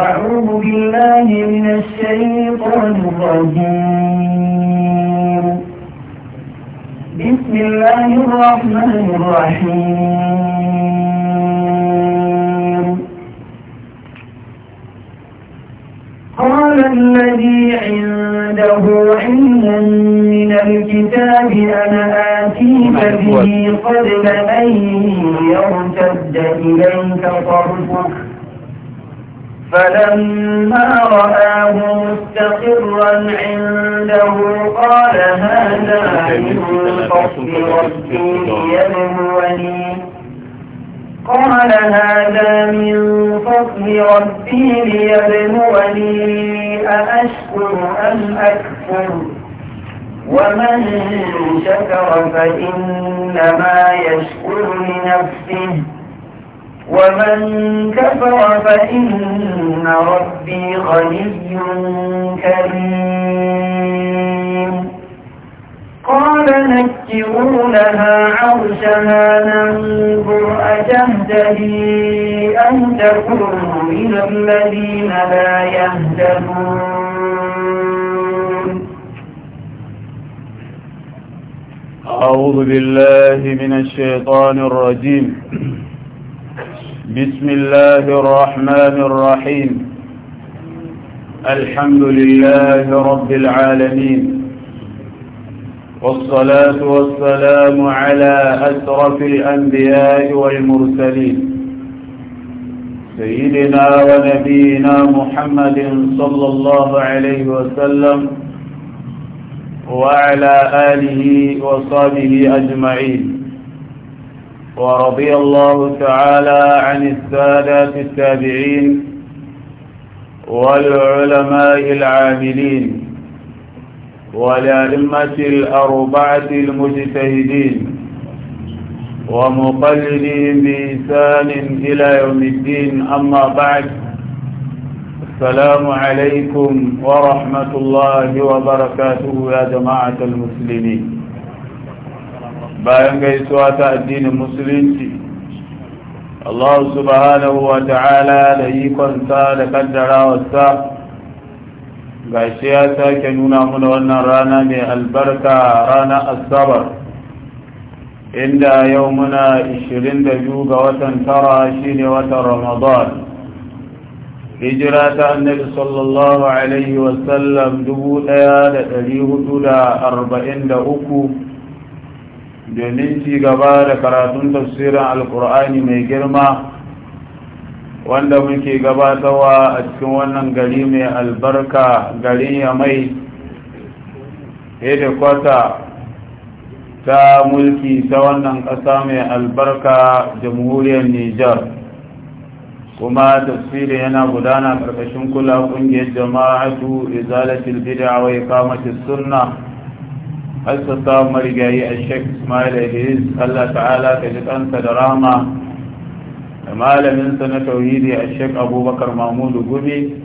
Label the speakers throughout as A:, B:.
A: أعوذ بالله من الشيطان الرجيم بسم الله الرحمن الرحيم قال الذي عنده علم من الكتاب أنا آتيك به قبل أن يرتد إليك طرفك فلما رآه مستقرا عنده قال هذا من فضل ربي ليبلوني قال هذا من فضل ربي ليبلوني أأشكر أم أكفر ومن شكر فإنما يشكر لنفسه ومن كفر فإن ربي غني كريم قال نكروا لها عرشها ننظر أتهتدي أم تكون من الذين لا يهتدون
B: أعوذ بالله من الشيطان الرجيم بسم الله الرحمن الرحيم الحمد لله رب العالمين والصلاة والسلام على أسرف الأنبياء والمرسلين سيدنا ونبينا محمد صلى الله عليه وسلم وعلى آله وصحبه أجمعين ورضي الله تعالى عن السادات التابعين والعلماء العاملين والأئمة الأربعة المجتهدين ومقلدهم بإنسان إلى يوم الدين أما بعد السلام عليكم ورحمة الله وبركاته يا جماعة المسلمين bayan gaisuwa ta addinin musulunci Allah subhanahu wa ta'ala da ikonsa da kaddarawarsa gashi ya sake nuna muna wannan rana mai albarka rana asabar inda yau muna 22 ga watan tara shine watan ramadan hijira ta annabi sallallahu alaihi wasallam 1443 domin ci gaba da karatun tafsirin alkur'ani mai girma wanda muke gabatarwa a cikin wannan gari mai albarka garin yamai kwata ta mulki ta wannan ƙasa mai albarka jamhuriyar nijar kuma tafsirin yana gudana ƙarƙashin kula ƙungiyar jama'atu izalatul bid'a wa iqamatis sunnah hassasa marigayi a sheik ismail aziz allah ta'ala ta ji kanta da rama da malaminsa na tauhidi a sheik abubakar mahmudu gumi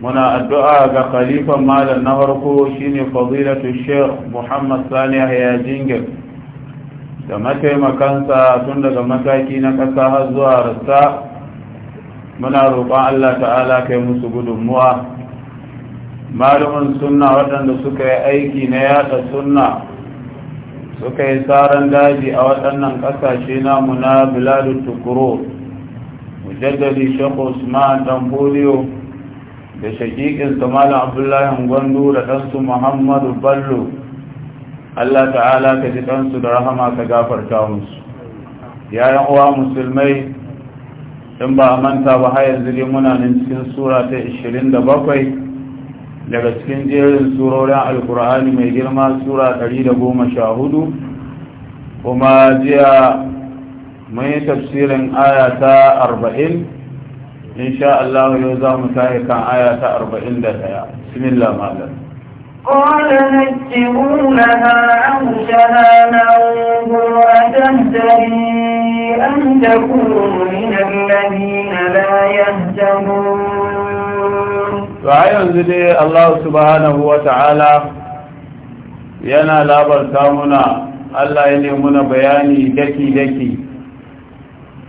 B: muna addu'a ga khalifan malam na farko shine fadilatu sheik muhammad sani ya jingir da mataimakansa tun daga mataki na ƙasa har zuwa rasta muna roƙon allah ta'ala kai musu gudunmuwa malumin sunna waɗanda suka yi aiki na yada sunna suka yi tsaron daji a waɗannan ƙasashe namu na Biladu tukuro mujaddadi shekhu usman dan da shakikin malam abdullahi gwandu da ɗansu muhammadu ballo allah ta'ala ka ji ɗansu da rahama ka gafarta musu yayan uwa musulmai in ba a manta ba har yanzu dai muna nan cikin sura ta 27 daga cikin jerin surorin alkur'ani mai girma sura 114 kuma jiya mun yi tafsirin aya ta 40 insha Allah yau za mu tahi kan aya ta 41 bismillah malam
A: قال نجموا لها عرشها ننظر أتهتدي أم تكون من الذين لا يهتدون
B: to a yanzu dai Allah subhanahu wa ta'ala yana labarta muna Allah ya muna bayani daki-daki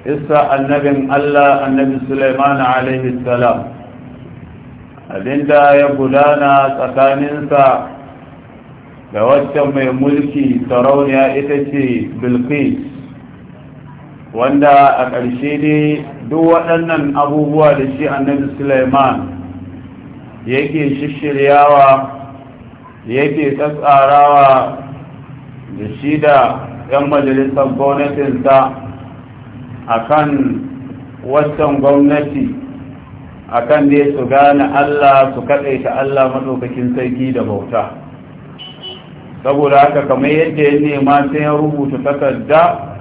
B: isa annabin Allah annabi Sulaiman alaihi salam abinda ya gudana tsakaninsa da waccan mai mulki sarauniya ita ce bilqis wanda a ƙarshe ne duk waɗannan abubuwa da shi annabi Sulaiman yake shishiryawa yake tsatsarawa da shi da 'yan majalisar gwamnatinsa a kan wasan gwamnati a kan da su gane Allah su kaɗaita Allah maɗaukakin sarki da bauta saboda haka kamar yadda ya nema sai ya rubuta takarda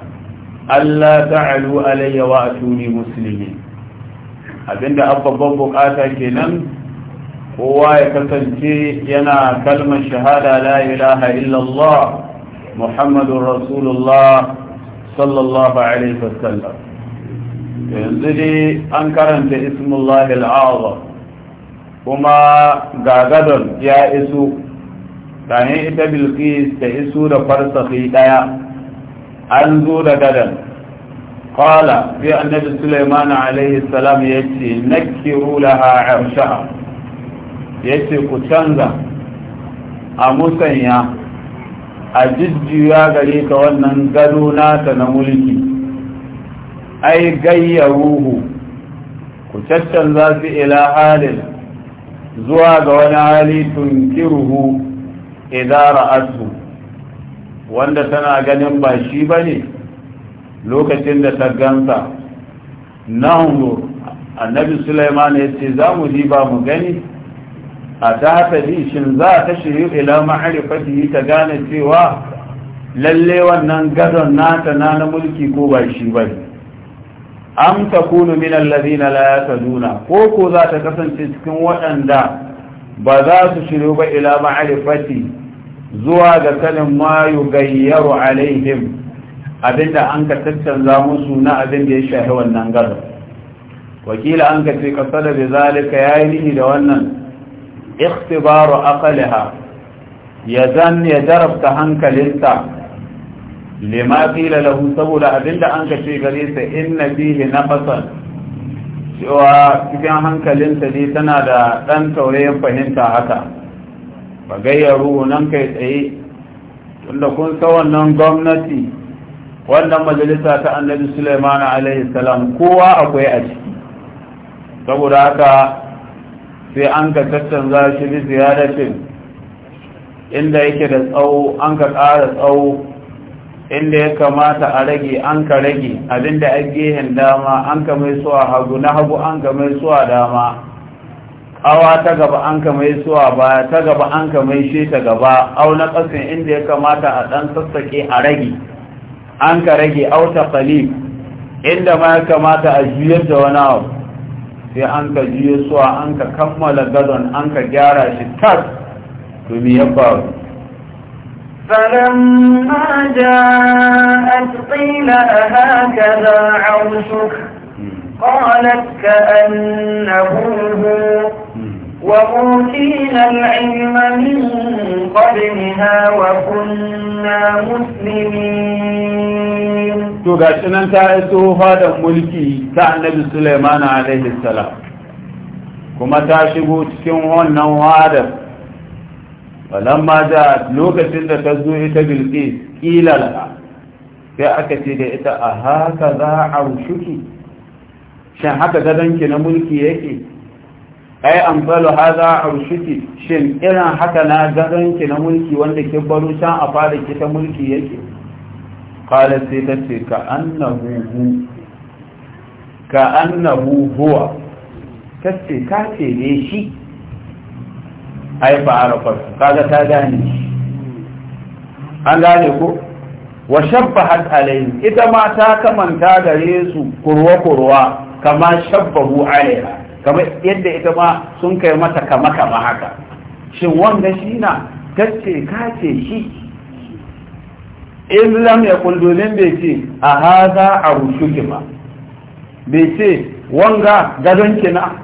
B: Allah ta'alu alayya wa tuni musulmi abinda abubuwan bukata kenan kowa ya kasance yana kalmar shahada la ilaha illallah muhammadun rasulullah sallallahu alaihi wasallam yanzu dai an karanta ismullahi al'azam kuma gagadon ya iso ɗanin ita bilkis ta iso da farsafi ɗaya an zo da gadan قال في النبي سليمان عليه السلام يأتي نكروا لها عرشها ya ce ku canza a musanya a jijjiya gare ka wannan gado nata na mulki ai gayyaruhu ku caccanza su ila halin zuwa ga wani hali tunkiruhu idara asu wanda tana ganin ba shi ba ne lokacin da ta gansa na hungu annabi suleiman ya ce za mu ji ba mu gani a ta bi shin za ta shiryu ila ma'arifati ta gane cewa lalle wannan gadon nata na na mulki ko ba shi ba am kunu min alladhina la yataduna ko ko za ta kasance cikin waɗanda ba za su shiryu ba ila ma'arifati zuwa ga sanin ma yugayyaru alaihim abinda an ka tattanza musu na abin da ya shahi wannan gadon wakila an ka ce kasada bi zalika yayi da wannan ikhtibaru aqaliha ya zan ya jarabta hankalinta lima qila lahu saboda abinda an ka ce gare sa inna fihi nafasan cewa cikin hankalinta ne tana da dan taurayin fahimta haka ba gayyaru nan kai tsaye tunda kun sa wannan gwamnati wannan majalisa ta annabi Sulaiman alaihi salam kowa akwai a ciki saboda haka sai an ka tattanza shi bi ziyaratin inda yake da tsawo an ka ƙara tsawo inda ya kamata a rage an ka rage abinda a gehen dama an ka mai suwa hagu na hagu an ka mai suwa dama awa ta gaba an ka mai suwa baya ta gaba an ka mai shi ta gaba au na ƙasin inda ya kamata a ɗan sassaƙe a rage an ka rage au ta inda ma ya kamata a juyar da wani abu sai an ka jiye suwa an ka kammala gadon an ka gyara shi tas to me ya faru
A: فلما جاءت قيل أهكذا عرشك قالت كأنه هو وأوتينا العلم من قبلها وكنا مسلمين
B: to ga nan ta iso da mulki ta annabi Suleiman A.S. kuma ta shigo cikin wannan fadar falamma da lokacin da ta zo ita Bilqis kila sai aka ce da ita a haka za a shin haka danke na mulki yake ai balo haza arshiki shin irin haka na garanki na mulki wanda ke baro can a fara ki ta mulki yake qala sai ta ce ka annahu hu ka annahu huwa ce ka ce ne shi ai fa arafa kaga ta gane shi an gane ko wa shabba alai ita ma ta kamanta gare su kurwa kurwa kama shabbahu alaiha kamar yadda ita ma sun kai mata kama kama haka shin wanda shi na tace ka ce shi in lam ya kuldomin bai ce a haza a rushuki ba bai ce wanga gadon kina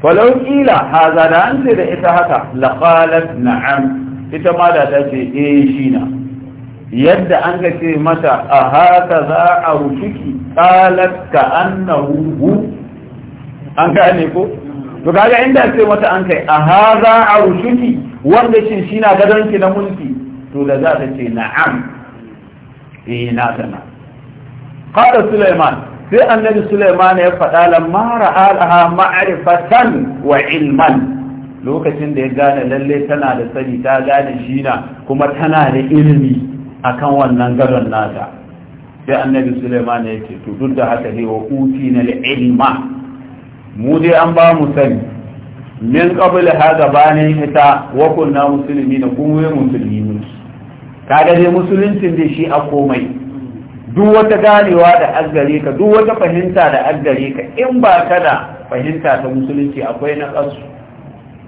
B: falau kila haza da an ce da ita haka laqalat na'am ita ma da ta ce eh shi na yadda an ga ce mata a haka za a rushuki qalat ka annahu an gane ko to kaga inda sai mata an kai a haza a wanda shin shi na gadonki na mulki to da za ta ce na'am eh na sana qala sulaiman sai annabi sulaiman ya faɗa mara alaha ma'rifatan wa ilman lokacin da ya gane lalle tana da sani ta gane shi na kuma tana da ilimi akan wannan gadon nata sai annabi sulaiman ya ce to duk da haka ne wa utina ilma mu dai an ba mu sani min qabla hada bane ita wa kunna musulmi na waye musulmi ne kaga dai musuluncin da shi a komai duk wata ganewa da azgare ka duk wata fahimta da azgare ka in ba ka da fahimta ta musulunci akwai na kasu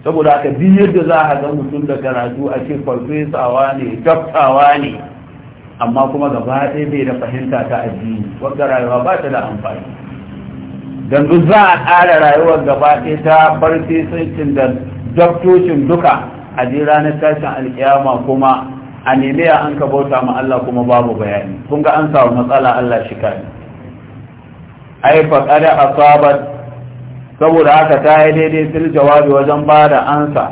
B: saboda aka bi yadda za a ga mutum da karatu a ce farfesawa ne gaftawa ne amma kuma gaba ɗaya bai da fahimta ta addini wadda rayuwa ba ta da amfani don duk za a ƙara rayuwar gaba ɗaya ta farfi sun da daktocin duka a ji ranar tashin alkiyama kuma a nemi ya an ka bauta ma Allah kuma babu bayani kun ga an samu matsala Allah shi kai ai fa qada asabat saboda haka ta yi daidai sun jawabi wajen ba da ansa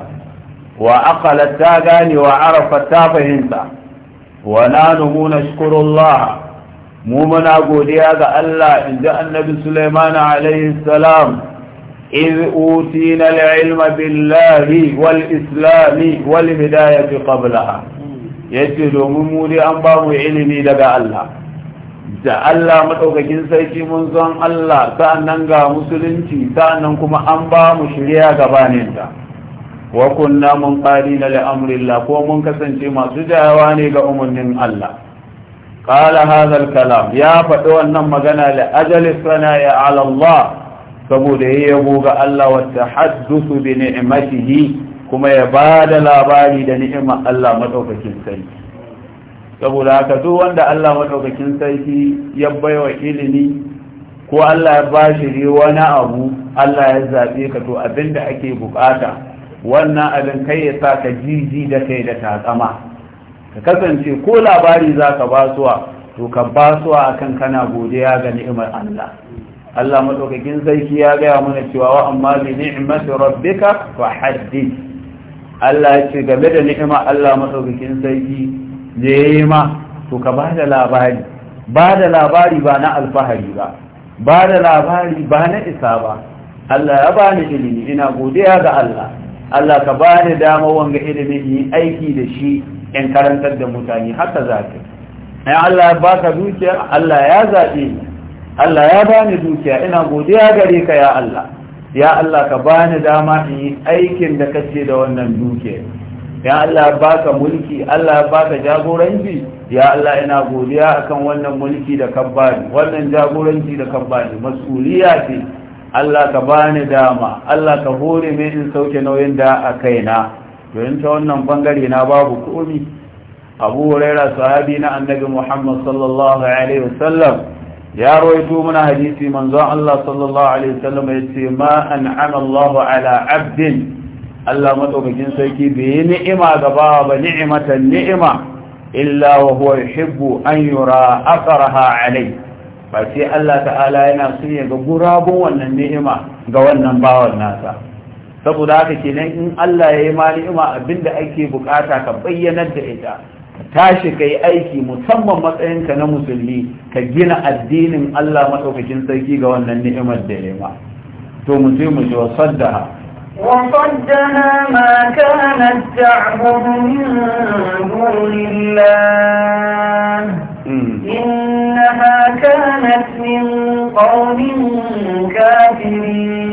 B: wa aqalat ta gane wa arafat ta fahimta wa nanu nashkurullah mu muna godiya ga Allah inji annabi Sulaiman alaihi salam إذ أوتينا العلم بالله والإسلام والهداية قبلها yace domin mu dai an ba mu ilimi daga Allah da Allah madaukakin sarki mun san Allah sa'annan ga musulunci sa'annan kuma an ba mu shari'a gabanin ta wa kunna mun qalina li amrillah ko mun kasance masu jawa ne ga umarnin Allah qala kalam ya faɗi wannan magana li sana sana'i ala Allah saboda yabo ga Allah wa tahaddusu bi ni'matihi kuma ya bada labari da ni'ima Allah madaukakin sarki saboda haka duk wanda Allah madaukakin sarki ya baiwa ilimi ko Allah ya bashi wani abu Allah ya zabe ka to abinda ake bukata wannan abin kai ya sa ka jiji da kai da takama ka kasance ko labari za ka basuwa to ka basuwa akan kana godiya ga ni'imar Allah Allah maɗaukakin zaiki ya gaya mana cewa wa amma bi ni'mati rabbika fa haddi Allah ya ce game da ni'ima Allah madaukakin ne ya yi ma to ka ba da labari ba da labari ba na alfahari ba ba da labari ba na isa ba Allah ya bani ilimi ina godiya ga Allah Allah ka bani dama wanga ilimin yi aiki da shi in karantar da mutane haka za ka yi Allah ya baka dukiya Allah ya zaɓe ni Allah ya bani dukiya ina godiya gare ka ya Allah ya Allah ka bani dama in yi aikin da kace da wannan dukiya ya Allah baka mulki Allah ya baka jagoranci ya Allah ina godiya akan wannan mulki da ka bani wannan jagoranci da ka bani masuliya ce Allah ka bani dama Allah ka hore min in sauke nauyin da a kaina to ta wannan bangare na babu komi abu huraira sahabi na annabi muhammad sallallahu alaihi wasallam ya rawaito mana hadisi manzon Allah sallallahu alaihi wasallam yace ma an'ama Allah ala 'abdin Allah madaukakin sarki bai ni'ima gaba ba ni'imata ni'ima illa wa huwa yuhibbu an yura atharaha alai ba sai Allah ta'ala yana son ya ga gurabun wannan ni'ima ga wannan bawan nasa saboda haka kenan in Allah ya yi ma ni'ima abinda ake bukata ka bayyanar da ita tashi ka yi aiki musamman matsayinka na musulmi ka gina addinin Allah maɗaukakin sarki ga wannan ni'imar da ya ma to mu je mu ji wa saddaha
A: ما كانت تعبد من دون الله إنها كانت من قوم كافرين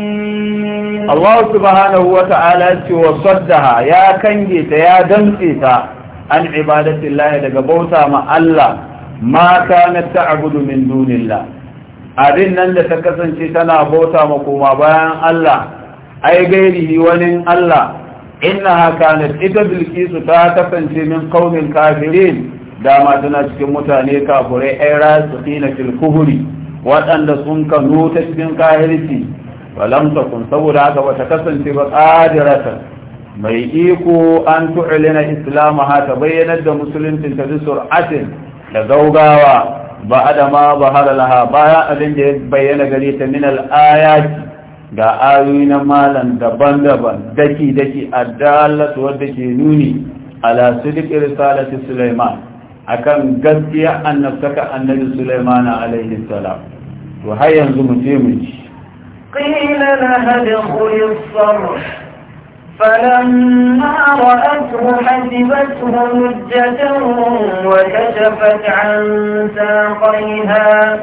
B: Allah subhanahu wa ta'ala ce wa saddaha ya kange ta ya dantse ta an ibadatillahi daga bauta ma Allah ma kana ta'budu min dunillah abin nan da ta kasance tana bauta ma koma bayan Allah ai gairihi wani Allah innaha kanat ita bilkisu ta kasance min qaumin kafirin dama tana cikin mutane kafurai ai rasikina fil kuhuri waɗanda sun kanu ta cikin kahirci falam kun saboda haka bata kasance ba qadiratan mai iko an tu'lina islamaha ta bayyanar da musulunci ta bi sur'atin da gaugawa ba adama ba har bayan abin da ya bayyana gare ta min al-ayat ga ayoyi na malam daban-daban daki daki addalatu wadda ke nuni ala sidqi risalati sulaiman akan gaskiya annabtaka annabi suleiman alaihi salam to har yanzu mu je mu ci
A: قيل لها ادخل الصرح فلما رأته حسبته مجة وكشفت عن ساقيها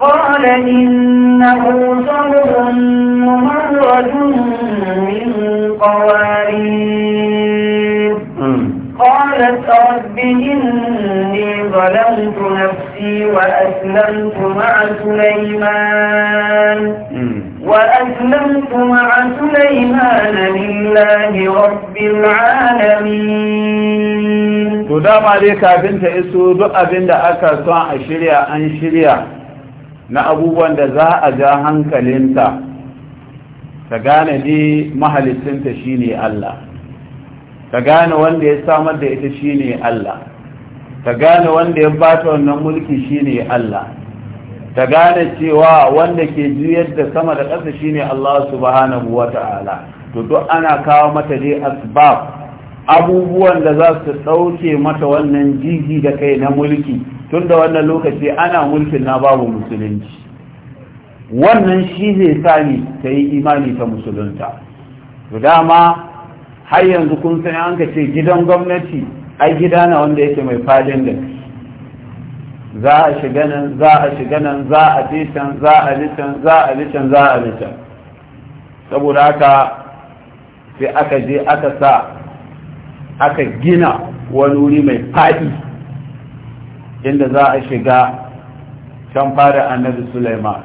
A: قال إنه صرح ممرد من قوارير قالت رب إني ظلمت نفسي وأسلمت مع سليمان وأسلمت مع سليمان لله رب العالمين
B: تدام عليك أبنت إسو دو أبنت أكا سواء أشريا أنشريا نأبوبا دزاء أجاهن كلمتا فقال لي محل السنة شيني الله ta gane wanda ya samar da ita shine Allah Tagane gane wanda ya bata wannan mulki shine Allah ta gane cewa wanda ke juyar da sama da ƙasa shine Allah subhanahu wata'ala to duk ana kawo mata dai asbab abubuwan da za su ɗauke mata wannan jiji da kai na mulki tun da wannan lokaci ana mulkin na babu musulunci wannan shi zai sani ta yi imani ta musulunta to dama har yanzu kun san an ka ce gidan gwamnati ai gida na wanda yake mai fadin da za a shiga nan za a shiga nan za a je can za a je can za a je can za a je can saboda haka sai aka je aka sa aka gina wani wuri mai fadi inda za a shiga can fara annabi Sulaiman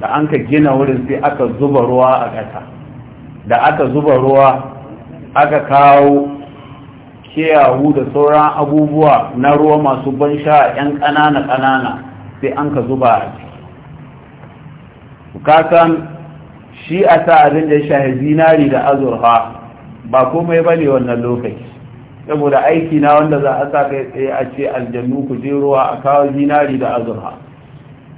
B: da an ka gina wurin sai aka zuba ruwa a ƙasa da aka zuba ruwa aka kawo kiyahu da sauran abubuwa na ruwa masu ban sha 'yan ƙanana-ƙanana sai an ka zuba a ciki kasan shi a sa abin da shahi zinari da azurfa ba komai ba ne wannan lokaci saboda aiki na wanda za a sa kai tsaye a ce aljannu ku je ruwa a kawo zinari da azurfa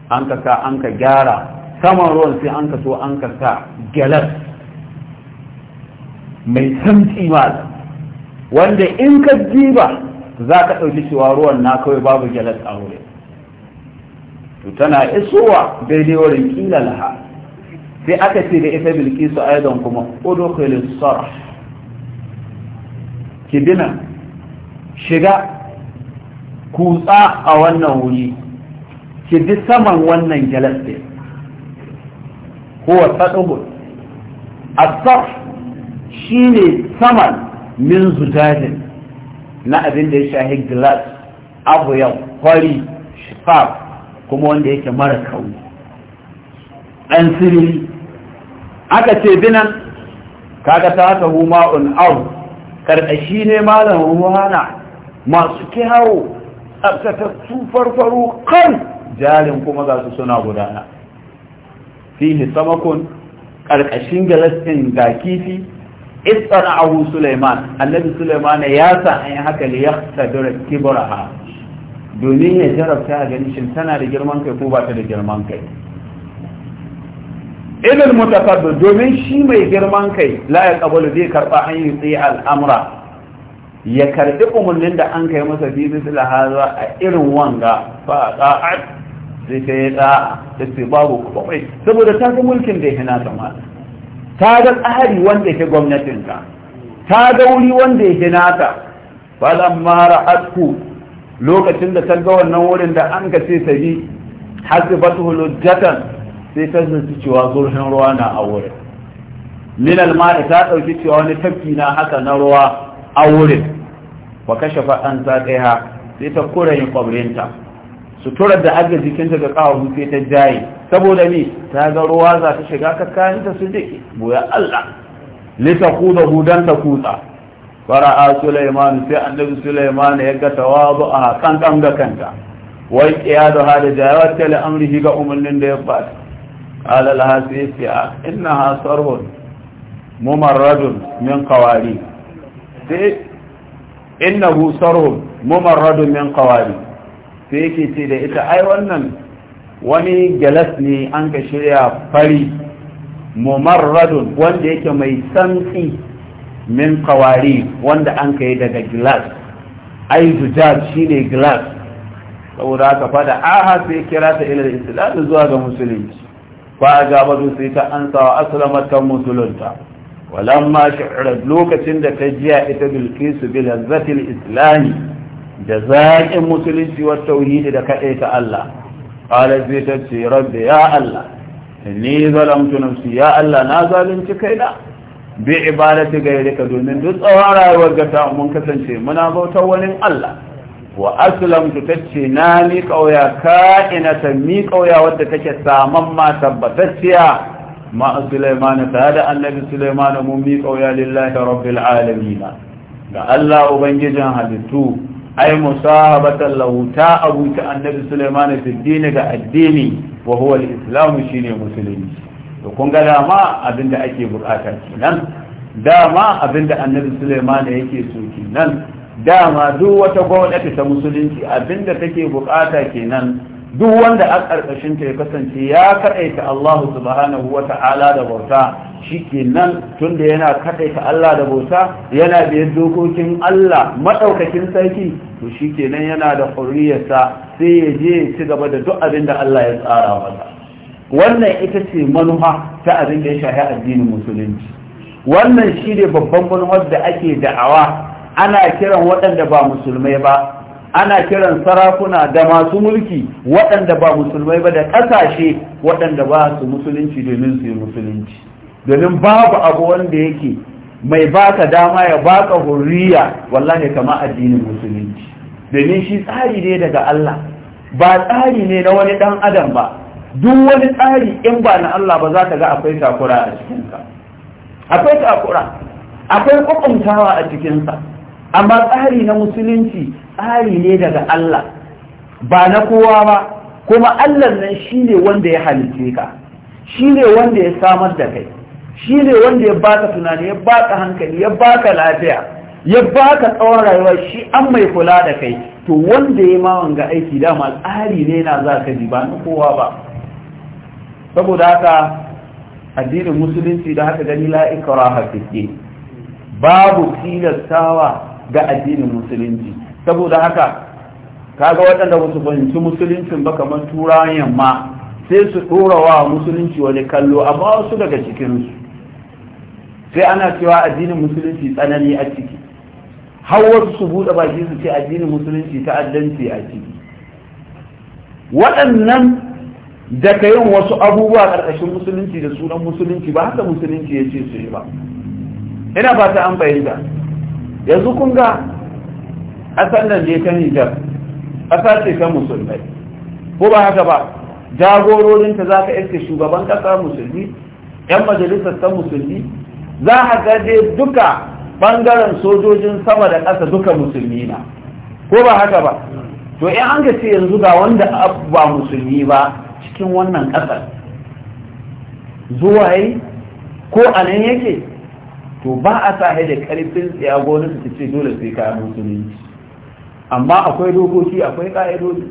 B: an ka sa an ka gyara saman ruwan sai an ka so an ka sa gyalas mai samtsi malam wanda in ka jiba za ka ɗauki cewa ruwan na kawai babu gyalas a wurin to tana isowa daidai wurin kila laha sai aka ce da ita bilkisu aidan kuma udukhilus sarh kidina shiga kutsa a wannan wuri ki bi saman wannan gyalas ɗin. huwa tadhur a sarh shine saman min zujajin na abin da ya shahi glass abu ya kwari shifaf kuma wanda yake mara kauri ɗan sirri. aka ce binan kaga ta haka huma'un au karkashi ne malam ruhana masu kyawo su farfaro kan jarin kuma za su suna gudana fihi samakon karkashin galas ɗin ga kifi istana abu suleiman annabi suleiman ya sa an yi haka li yaqtadir kibraha domin ya jarabta a ganin shin tana da girman kai ko ba ta da girman kai ilil mutafaddu domin shi mai girman kai la ya kabalu zai karba an yi tsaye al'amura ya karbi umarnin da an kai masa fi misali haza a irin wanga fa da'at sai ta yi da'a babu saboda ta mulkin da ya hina ta ga tsari wanda yake gwamnatinka ta ga wuri wanda yake nata falamma ra'atku lokacin da ta ga wannan wurin da an ka ce sabi hasibatu lujjatan sai ta zanci cewa zurfin ruwa na a wurin min alma'i ta ɗauki cewa wani tafki na haka na ruwa a wurin wa kashafa an ta tsaya sai ta kura yin kwabrinta suturar da aga jikinta ga kawo sai ta jaye saboda ni ta ga ruwa za ta shiga ka kayan ta sun dake buya Allah ta kuda hudan ta kutsa fara'a Sulaiman sai annabi Sulaiman ya ga tawadu a kan ga kanta wai da hada jawat ta amrihi ga umarnin da ya bata ala la sayfi'a inna sarhun mumarradun min qawari sai inna sarhun mumarradun min qawari sai yake ce da ita ai wannan wani galas ne an ka shirya fari mumarradun wanda yake mai santsi min kawari wanda an ka yi daga gilas. ai zujaj shine gilas saboda haka fada aha sai kira ta ilal islam zuwa ga musulunci a gabatu sai ta ansa wa aslamat musulunta walamma shi'rat lokacin da ta jiya ita bilkisu bil lazzatil islami da zaƙin musulunci wa tauhidi da kaɗai ta Allah qalat sai ta ce ya Allah ni zalamtu nafsi ya Allah na zalunci kaina bi ibadati gairika domin duk tsawon rayuwar ga mun kasance muna bautar wani Allah wa aslamtu na mi kauya ka'inata wadda take saman ma tabbatacciya ma Sulaiman ta da annabi Sulaiman mu mi kauya lillahi rabbil alamin ga Allah ubangijin halittu ai musahabatan lahu ta abuta annabi Sulaiman fi dini ga addini wa huwa al shine musulunci to kun ga dama abinda ake bukata kenan dama abinda annabi Sulaiman yake so kenan dama duk wata gwamnati ta musulunci abinda take bukata kenan duk wanda a ƙarƙashin ta ya kasance ya kaɗaita Allah subhanahu wa ta'ala da bauta shikenan tunda yana kaɗaita Allah da bauta yana biyar dokokin Allah maɗaukakin sarki to shikenan yana da ƙuriyarsa sai ya je ya ci gaba da duk abin da Allah ya tsara masa wannan ita ce manufa ta abin da ya shafi addinin musulunci wannan shi ne babban manufar da ake da'awa ana kiran waɗanda ba musulmai ba ana kiran sarakuna da masu mulki waɗanda ba musulmai ba da ƙasashe waɗanda ba su musulunci domin su yi musulunci domin babu abu wanda yake mai baka dama ya baka hurriya wallahi kama addinin musulunci domin shi tsari ne daga Allah ba tsari ne na wani ɗan adam ba duk wani tsari in ba na Allah ba za ka ga akwai takura a cikinka. akwai takura akwai kwakwamtawa a cikinsa amma tsari na musulunci tsari ne daga Allah ba na kowa ba kuma Allah nan shi ne wanda ya halice ka shi ne wanda ya samar da kai shi ne wanda ya baka tunani ya baka hankali ya baka lafiya ya baka tsawon rayuwa shi an mai kula da kai to wanda ya ma wanga aiki dama tsari ne na za ka ji ba na kowa ba saboda haka addinin musulunci da haka gani la ikraha babu tilastawa ga addinin musulunci saboda haka kaga waɗanda ba su fahimci musuluncin ba kamar turawan yamma sai su ɗora wa musulunci wani kallo amma wasu daga cikinsu sai ana cewa addinin musulunci tsanani a ciki har wasu su buɗe baki su ce addinin musulunci ta'addanci a ciki waɗannan da yin wasu abubuwa ƙarƙashin musulunci da sunan musulunci ba haka musulunci ya ce su yi ba ina ba ta an fahimta yanzu kun ga A nan je ta Nijar ƙasa ce ta musulmai ko ba haka ba jagororinta za ka iske shugaban ƙasa musulmi yan majalisar ta musulmi za a dai duka ɓangaren sojojin sama da ƙasa duka musulmi na ko ba haka ba to in an ga ce yanzu ga wanda ba musulmi ba cikin wannan ƙasar zuwa yi ko a nan yake to ba a sahi da ƙarfin tsaya su ta ce dole sai kayan musulunci amma akwai dokoki akwai ƙa'idodi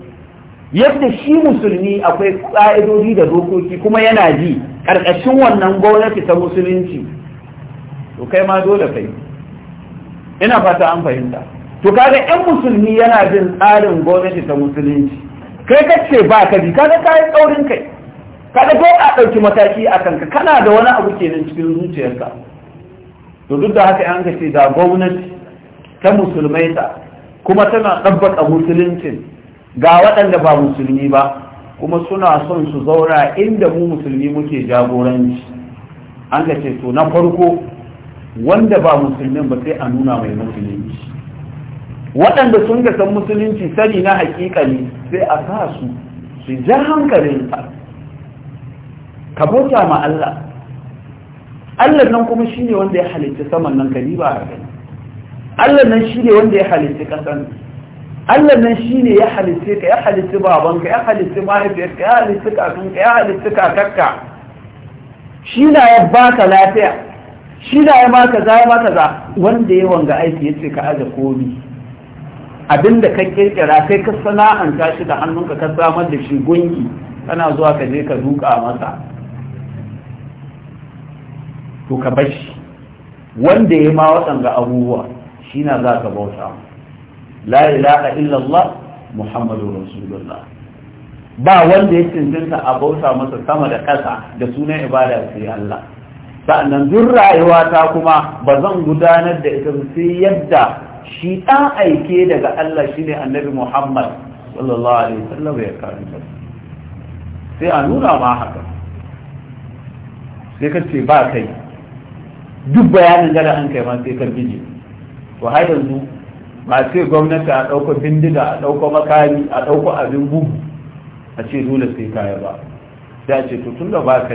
B: yadda shi musulmi akwai ƙa'idodi da dokoki kuma yana ji ƙarƙashin wannan gwamnati ta musulunci to kai ma dole kai ina fata an fahimta to kaga ɗan musulmi yana jin tsarin gwamnati ta musulunci kai ka ce ba ka bi kaga kayan tsaurin kai kaga ko a ɗauki mataki a kanka kana da wani abu kenan cikin zuciyarka to duk da haka an ka ce da gwamnati ta musulmai ta kuma tana ɗabbaka musuluncin ga waɗanda ba musulmi ba kuma suna son su zaura inda mu musulmi muke jagoranci an ka ce to na farko wanda ba musulmin ba sai a nuna mai musulunci waɗanda sun ga san musulunci sani na ne sai a sa su su ja hankalin ka bauta ma Allah Allah nan kuma shine wanda ya halitta saman nan ka ba a gani Allah nan shi ne wanda ya halitta kasan Allah nan shi ne ya halitta ka ya halitta babanka ya halitta mahaifiyarka ya halitta kakanka ya halitta kakarka shi na ya baka lafiya shi na ya maka za ya maka za wanda ya wanga aiki ya ce ka aje komi abinda ka kirkira kai ka sana'anta shi da hannunka ka samar da shi gungi kana zuwa ka je ka duka masa to ka bashi wanda ya ma waɗanga abubuwa shi na za ka bauta la ilaha illallah muhammadu rasulullah ba wanda ya cancanta a bauta masa sama da ƙasa da sunan ibada sai Allah sa'annan duk rayuwa ta kuma ba zan gudanar da ita sai yadda shi ɗan aike daga Allah shine annabi Muhammad sallallahu alaihi wasallam ya karanta sai a nuna ma haka sai ka ce ba kai duk bayanin gada an kai ma sai ka bije to har yanzu ba sai gwamnati a ɗauko bindiga a ɗauko makami a ɗauko abin bugu a ce dole sai kaya ba da ce to tun da ba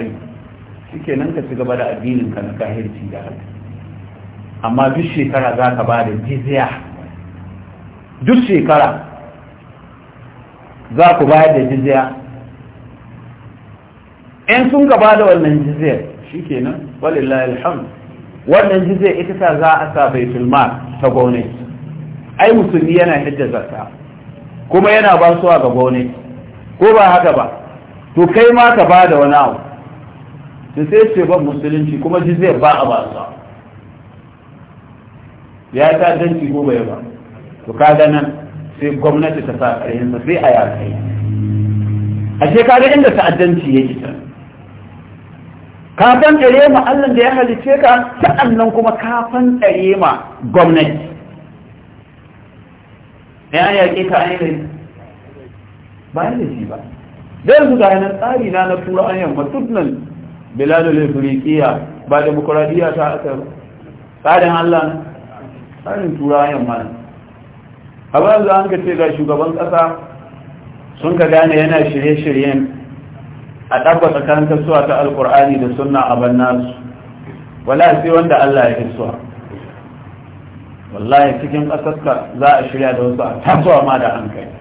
B: shi ke nan ka ci gaba da addinin ka na kahirci da haka amma duk shekara za ka ba da jizya duk shekara za ku ba da jizya in sun gaba da wannan ke shikenan walillahi alhamdulillah. wannan jizya ita ta za a sa bai filma ta gwamnati ai musulmi yana hidda zakka kuma yana ba su ga gwamnati ko ba haka ba to kai ma ka ba da wani abu to sai ce ban musulunci kuma jizyar ba a ba su ya ta danci ko bai ba to ka ga nan sai gwamnati ta sa ƙarfinsa sai a yaƙi a shekaru inda ta'addanci yake ta? ka san tsare ma Allah da ya halice ka sa'annan kuma ka san tsare ma gwamnati ya yaƙe ka an yi ba yi da shi ba dan su da nan tsari na na tura an yamma duk nan biladul afriqiya ba demokradiya ta aka tsarin Allah tsarin tura yamma nan a ba za an ka ce ga shugaban kasa sun ka gane yana shirye-shiryen a ɗabba tsakanin kasuwa ta alkur'ani da sunna a banna wala sai wanda Allah ya kasuwa wallahi cikin ƙasarka za a shirya da wasu a tasowa ma da hankali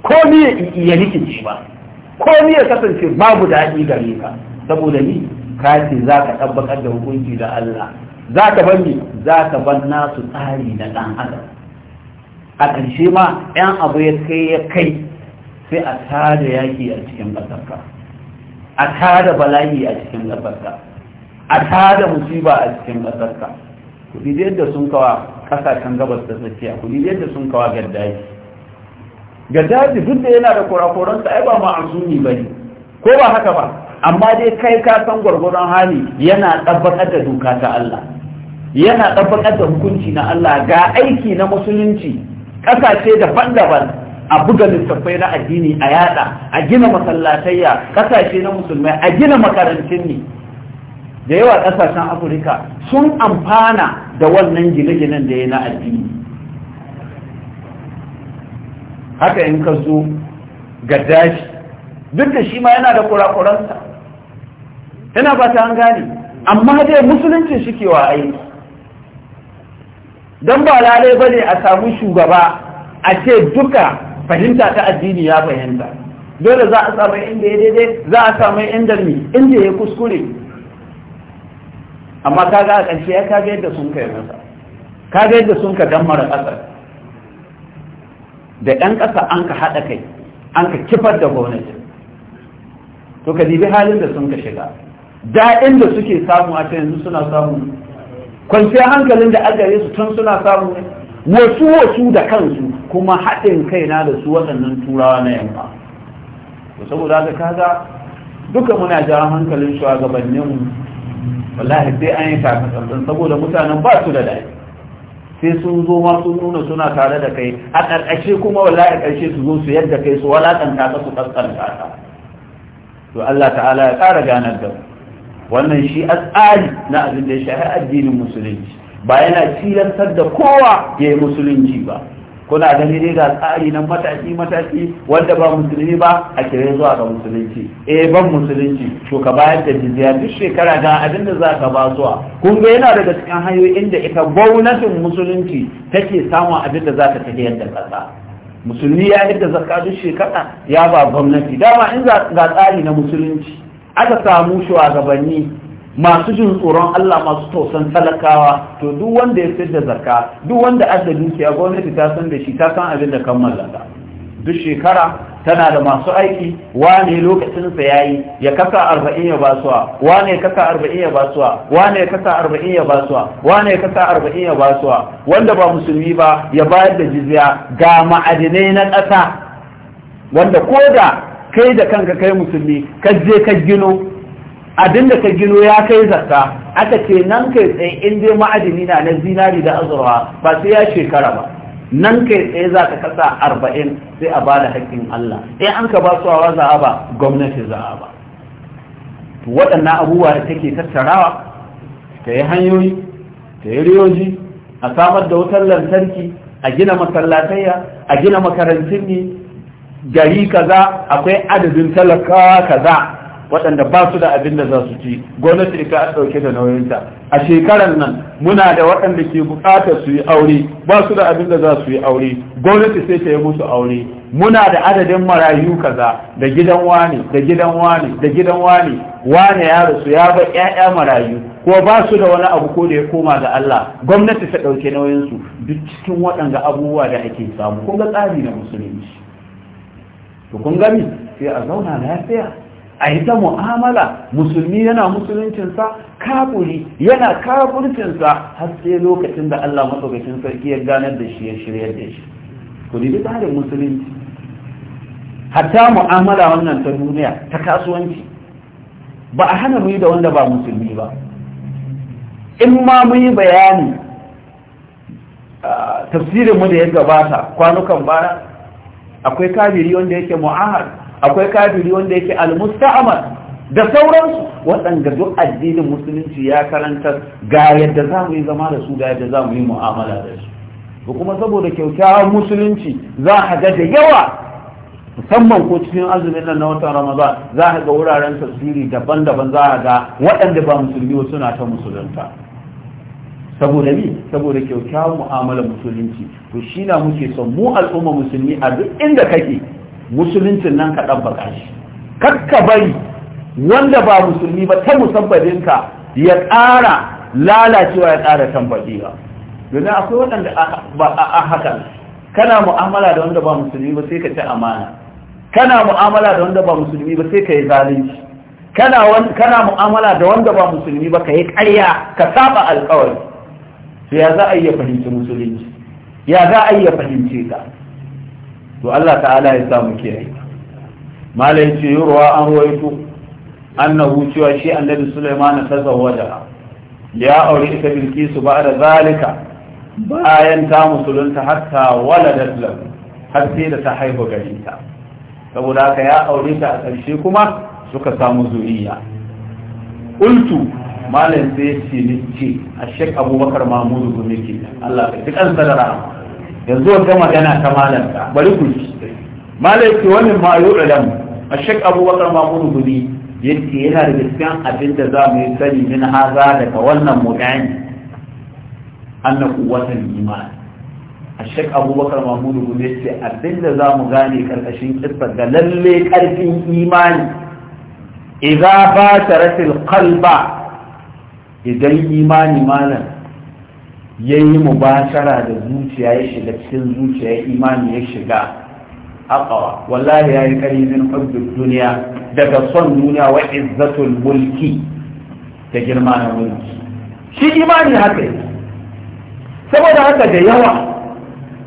B: ko ni ya rikici ba ko ni ya kasance babu daɗi gare ka saboda ni ka ce za ka tabbatar da hukunci da Allah za ka ban ni za ka ban nasu tsari na ɗan adam a ƙarshe ma 'yan abu ya kai ya kai sai a tada yaki a cikin ƙasarka a tada bala'i a cikin ƙasarka a tada musiba a cikin ƙasarka ku da yadda sun kawa ƙasashen gabas ta tsakiya ku da yadda sun kawa gaddaji gaddaji duk da yana da kurakuransa ai ba ma'azumi ba ne ko ba haka ba amma dai kai ka san gwargwaron hali yana tabbatar da doka ta Allah yana tabbatar da hukunci na Allah ga aiki na musulunci ƙasashe daban-daban a buga littattafai na addini a yada a gina masallatayya kasashe na musulmai a gina makarantun ne da yawa kasashen afirka sun amfana da wannan gine-ginen da ya na addini haka in ka zo ga dashi duk da shi ma yana da kurakuransa yana ba ta an gane amma dai musulunci shi ke wa aiki don ba lalai ba ne a samu shugaba a ce duka fahimta ta addini ya fahimta dole za a samu inda ya daidai za a samu inda ne inda ya kuskure amma kaga a ƙarshe ya kaga yadda sun kai masa kaga yadda sun ka dammara ƙasar da ɗan ƙasa an ka haɗa kai an ka kifar da gwamnati to ka dibi halin da sun ka shiga daɗin da suke samu a yanzu suna samu kwanciyar hankalin da aka yi su tun suna samu ne wasu wasu da kansu kuma haɗin kaina da su waɗannan turawa na yamma saboda ka kaga duka muna jawo hankalin shugabanninmu wallahi sai an yi takatsantsan saboda mutanen ba su da daɗi sai sun zo ma sun nuna suna tare da kai a ƙarƙashe kuma wallahi a ƙarshe su zo su yadda kai su walaƙanta ka su ƙasƙanta ka to Allah ta'ala ya ƙara ganar da wannan shi a tsari na abin da ya shafi addinin musulunci ba yana tilastar da kowa ya yi musulunci ba kuna gani dai ga tsari nan mataki mataki wanda ba musulmi ba a kire zuwa ga musulunci eh ban musulunci to ka bayar da jizya duk shekara ga abin da za ka ba zuwa kun ga yana daga cikin hanyoyin da ita gwamnatin musulunci take samun abin da za ta tafiyar yadda ƙasa musulmi ya yadda zakka duk shekara ya ba gwamnati dama in ga tsari na musulunci aka samu shugabanni masu jin tsoron Allah masu tausan talakawa to duk wanda ya fitar da zarka duk wanda adda dukiya gwamnati ta san da shi ta san abin da kan mallaka duk shekara tana da masu aiki wane lokacin sa yayi ya kasa 40 ya basuwa wane ya kasa 40 ya basuwa wane ya kasa 40 ya basuwa wane ya kasa 40 ya basuwa wanda ba musulmi ba ya bayar da jizya ga ma'adinai na ƙasa wanda koda kai da kanka kai musulmi ka je ka gino abin da ka gino ya kai zaka. aka ce nan kai tsaye in dai ma'adini na na zinari da azurwa ba sai ya shekara ba nan kai tsaye za ka kasa arba'in sai a bada haƙƙin Allah in an ka ba su awa za ba gwamnati za ba waɗannan abubuwa da take tattarawa ta yi hanyoyi ta yi riyoji a samar da wutar lantarki a gina masallatayya a gina makarantun ne gari kaza akwai adadin talakawa kaza waɗanda ba su da abin da za su ci gwamnati ita a ɗauke da nauyinta a shekarar nan muna da waɗanda ke buƙatar su yi aure ba su da abin da za su yi aure gwamnati sai ta yi musu aure muna da adadin marayu kaza da gidan wani da gidan wani da gidan wani wani ya rasu ya bar ƴaƴa marayu ko ba su da wani abu ko da ya koma ga Allah gwamnati ta ɗauke nauyinsu duk cikin waɗanda abubuwa da ake samu kun ga tsari na musulunci to kun gami sai a zauna lafiya a yi mu'amala musulmi yana musuluncinsa kafuri yana kafurcinsa har lokacin da Allah masaukacin sarki ya ganar da shi ya shiryar da shi ku dubi tsarin musulunci hatta mu'amala wannan ta duniya ta kasuwanci ba a hana mu yi da wanda ba musulmi ba in ma mu yi bayani tafsirinmu da ya gabata kwanukan baya akwai kabiri wanda yake mu'ahar. akwai kafiri wanda yake almusta'mal da sauransu waɗanda duk addinin musulunci ya karanta ga yadda za mu yi zama da su ga yadda za mu yi mu'amala da su kuma saboda kyaukyawan musulunci za a ga da yawa musamman ko cikin azumin nan na watan ramadan za a ga wuraren tafsiri daban-daban za a ga waɗanda ba musulmi wasu suna ta musulunta saboda ni saboda kyaukyawan mu'amalar musulunci to shi na muke son mu al'umma musulmi a duk inda kake musuluncin nan ka ɗan baka shi kakka bai wanda ba musulmi ba ta musabbadinka ya ƙara lalacewa ya ƙara tambaɗewa domin akwai waɗanda a hakan kana mu'amala da wanda ba musulmi ba sai ka ci amana kana mu'amala da wanda ba musulmi ba sai ka yi zalunci kana mu'amala da wanda ba musulmi ba ka yi ƙarya ka saba alƙawari ya za a iya fahimci musulunci ya za a iya fahimce ka to Allah ta'ala ya samu kiyaye malai ce ruwa an ruwaito annahu hucewa shi annabi Suleiman ta zawaja ya aure ita Bilkisu ba da zalika bayan ta musulunta hatta da lahu har sai da ta haihu gare ta saboda haka ya aure ta a ƙarshe kuma suka samu zuriya ultu malam sai ce ni ce a shek abubakar mamudu gumi Allah ka ji kansa da rahama yanzu wata magana ta malam bari ku ji malai ce wani ma da A ashek abubakar mamun gudi yace yana da gaskiyan abin da za mu yi sani min haza daga wannan mudani annahu watan iman ashek abubakar mamun gudi ce abin da za mu gane karkashin kissa da lalle karfin imani idza ba ta taratil qalba idan imani malam ya yi mubashara da zuciya ya shiga cikin zuciya imani ya shiga aqwa wallahi ya yi kari min duniya daga son duniya wa izzatul mulki
C: da girma na mulki
B: shi imani haka yake saboda haka da yawa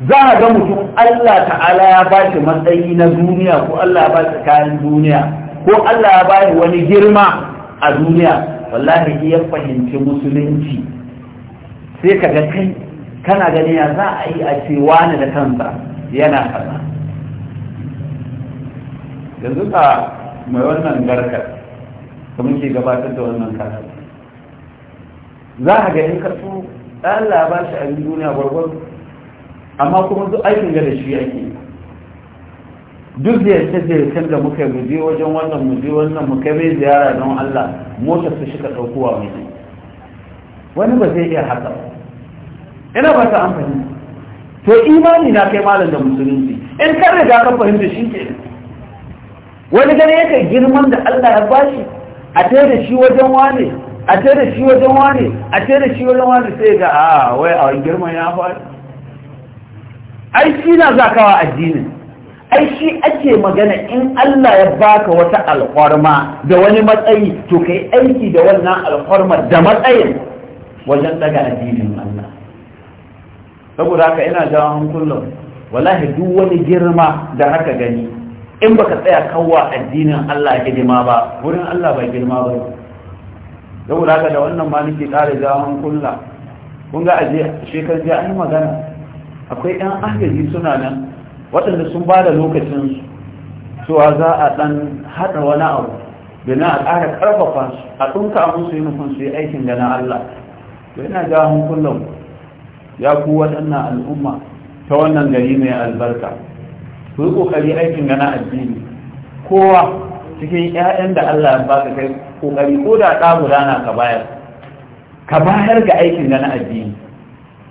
B: za a ga mutum Allah ta'ala ya ba shi matsayi na duniya ko Allah ya ba shi kayan duniya ko Allah ya ba wani girma a duniya wallahi ya fahimci musulunci sai ka ga kai kana gani ya za a yi a ce wani da kansa yana kaza yanzu ka mai wannan garkar da muke gabatar da wannan kasar za a ga karfi ɗan labashi a duniya gwargwar amma kuma duk aikin ga da shi ake duk da ziyarcen da muka muje wajen wannan muje wannan muka mai ziyara don allah motar su shi ka ɗaukowa mai wani ba zai iya haka ba ina ba ta amfani to imani na kai malam da musulunci in kar riga kan fahimta shi ke wani gani yake girman da Allah ya bashi a tare da shi wajen wane a tare da shi wajen wane a tare da shi wajen wane sai ga a ah, wai a girman ya fara. ai shi na zakawa addinin ai shi ake magana in Allah ya baka wata alfarma da wani matsayi to kai aiki da wannan alfarma da matsayin wajen daga addinin Allah saboda haka ina jawo kullum. wallahi duk wani girma da haka gani in baka tsaya kawwa addinin Allah hidima ba wurin Allah bai girma ba saboda haka da wannan ma nake ƙara jawo hankula kun ga aje shekar jiya an magana akwai yan agaji suna nan waɗanda sun ba da lokacin cewa za a ɗan haɗa wani abu domin a ƙara ƙarfafa a ɗunka musu yi nufin su yi aikin da na Allah to ina jawo hankulan ya ku waɗannan al'umma ta wannan gari mai albarka ku yi ƙoƙari aikin gana addini kowa cikin 'ya'yan da Allah ya baka kai ƙoƙari ko da ɗa gudana ka bayar ka bayar ga aikin gana addini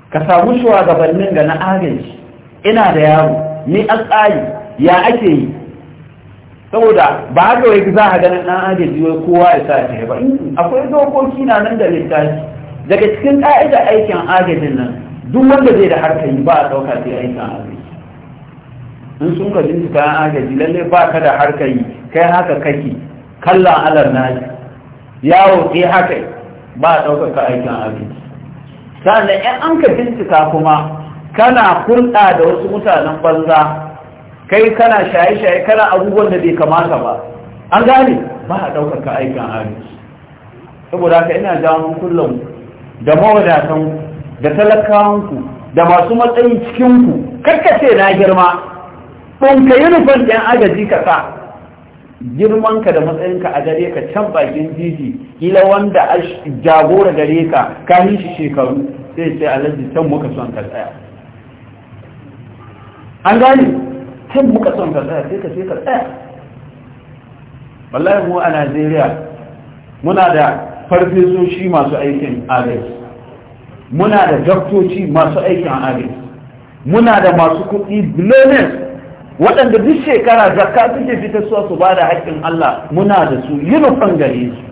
B: ka samu shugabannin ga na agaji ina da yaro ni a ya ake yi saboda ba haka wai za a ganin ɗan agaji wai kowa ya sa ta ba akwai dokoki na nan da littafi daga cikin ƙa'idar aikin agajin nan duk wanda zai da harkari ba a ɗauka sai aikin agaji in sun ka bincika an agaji lallai ba ka da harkari kai haka kake kallon alar naji yawo sai haka ba a ɗauka ka aikin abinci. sannan in an ka bincika kuma kana hulɗa da wasu mutanen banza kai kana shaye-shaye kana abubuwan da bai kamata ba an gane ba a ɗaukaka aikin abinci. saboda haka ina jawon kullum da mawadatan da talakawanku da masu matsayin cikinku ce na girma ɗanka yunifon ɗin agaji ka sa girmanka da matsayinka a gare ka can bakin titi kila wanda a jagora gare ka ka shi shekaru sai sai alhaji can muka son ka tsaya an gani can muka son ka tsaya sai ka sai ka tsaya wallahi mu a najeriya muna da farfesoshi masu aikin agaji muna da daktoci masu aikin agaji muna da masu kuɗi billionaires waɗanda duk shekara zakka suke fita suwa su ba da haƙƙin Allah muna da su yi nufan gare su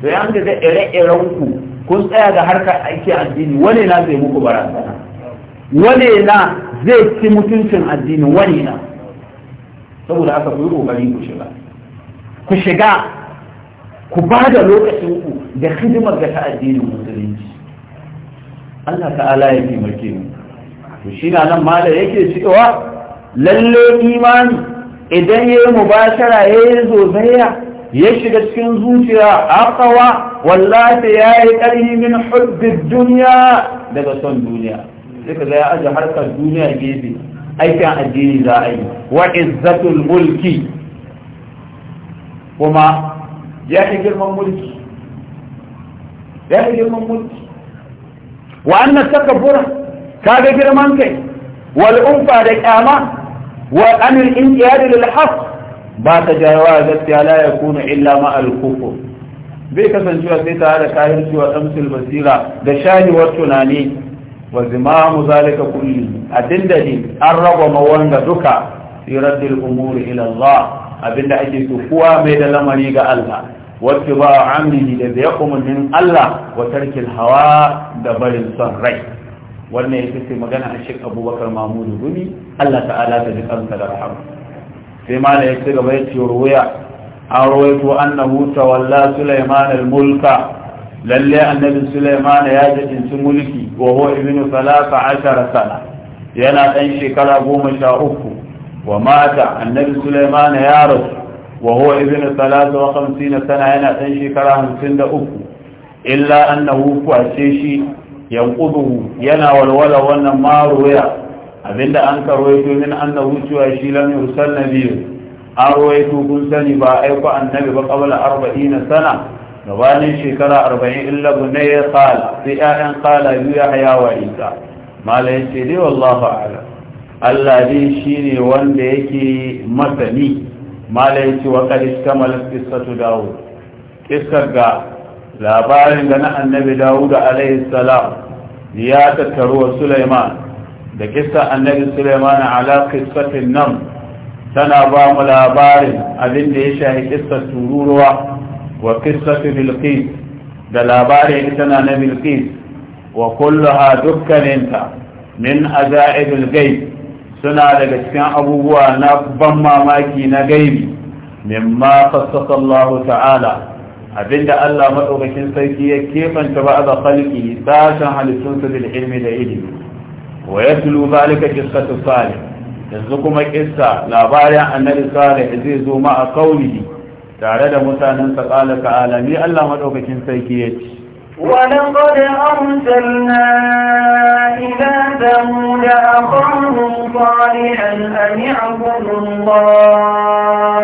B: to ya ga ire-iren ku kun tsaya da harkar aiki addini wani na zai muku barazana wani na zai ci mutuncin addini wani na saboda aka ku yi ƙoƙari ku shiga ku shiga ku ba da ku da hidimar ga ta addinin musulunci Allah ta'ala ya taimake mu to shi na nan mala yake cewa lalle imani idan ya yi mubashara ya yi zozaya ya shiga cikin zuciya akawa wallahi ya yi ƙarfi min hubbin duniya daga son duniya duka ga ya aje harkar duniya gefe aikin addini za a yi wa izzatul mulki kuma ya fi girman mulki ya fi girman mulki wa saka takabbura kaga girman kai wal unfa da kyama wa anil inqiyad lil haqq ba ta jawa gaskiya la yakunu illa ma al kufur bai kasancewa sai tare da kayan ciwa damsul basira da shaniwar tunani wa zimamu zalika kulli abinda an raba mawanga duka fi raddil umuri ila Allah abinda ake so Kuwa mai da lamari ga Allah wasu ba amini da zai umarnin Allah wa tarkil hawa da barin son rai wannan ya ce magana a shek abubakar mamudu gumi Allah ta'ala ta ji kansa da rahama sai ma ya ci gaba ya ce ruwaya an rawaito annahu walla suleiman al-mulka lalle annabi sulaiman ya jinsin mulki wa huwa ibnu 13 sana yana dan shekara goma sha uku wa mata annabi sulaiman ya rasu wa huwa ibn salatu wa khamsina yana ɗan shekara hamsin da uku illa annahu kwace shi yanquduhu yana walwala wannan maruya abinda an karwaito min annahu cewa shi lam yursal nabiyyu an rawaito kun sani ba aiko annabi ba qabla 40 sana gabanin shekara in illa bunayya qala sai ayan qala ya haya wa isa mala dai shine wanda yake masani mala ya ce wa kamar ƙistatu dawo ƙistar ga labarin da na annabi dawud alaihi salam ya tattaruwa suleiman da kisa annabi suleiman ala ƙistatin nan tana ba mu labarin abin da ya shahi ƙistar tururuwa wa ƙistatu bilkis da labarin ita na na bilkis wa kulluha dukkaninta min aja'ibil gaib suna daga cikin abubuwa na ban mamaki na gaibi mimma fassasa Allah ta'ala abinda Allah madaukakin sarki ya kefanta ba da khalqi sashen halittun su bil ilmi da ilimi wa yatlu zalika qissatu salih yanzu kuma kissa labarin annabi salih zai zo ma a kaulihi tare da mutanen sa qala ka alami Allah madaukakin sarki ya ce
A: ولقد أرسلنا إلى ثمود أخاهم صالحا أن اعبدوا الله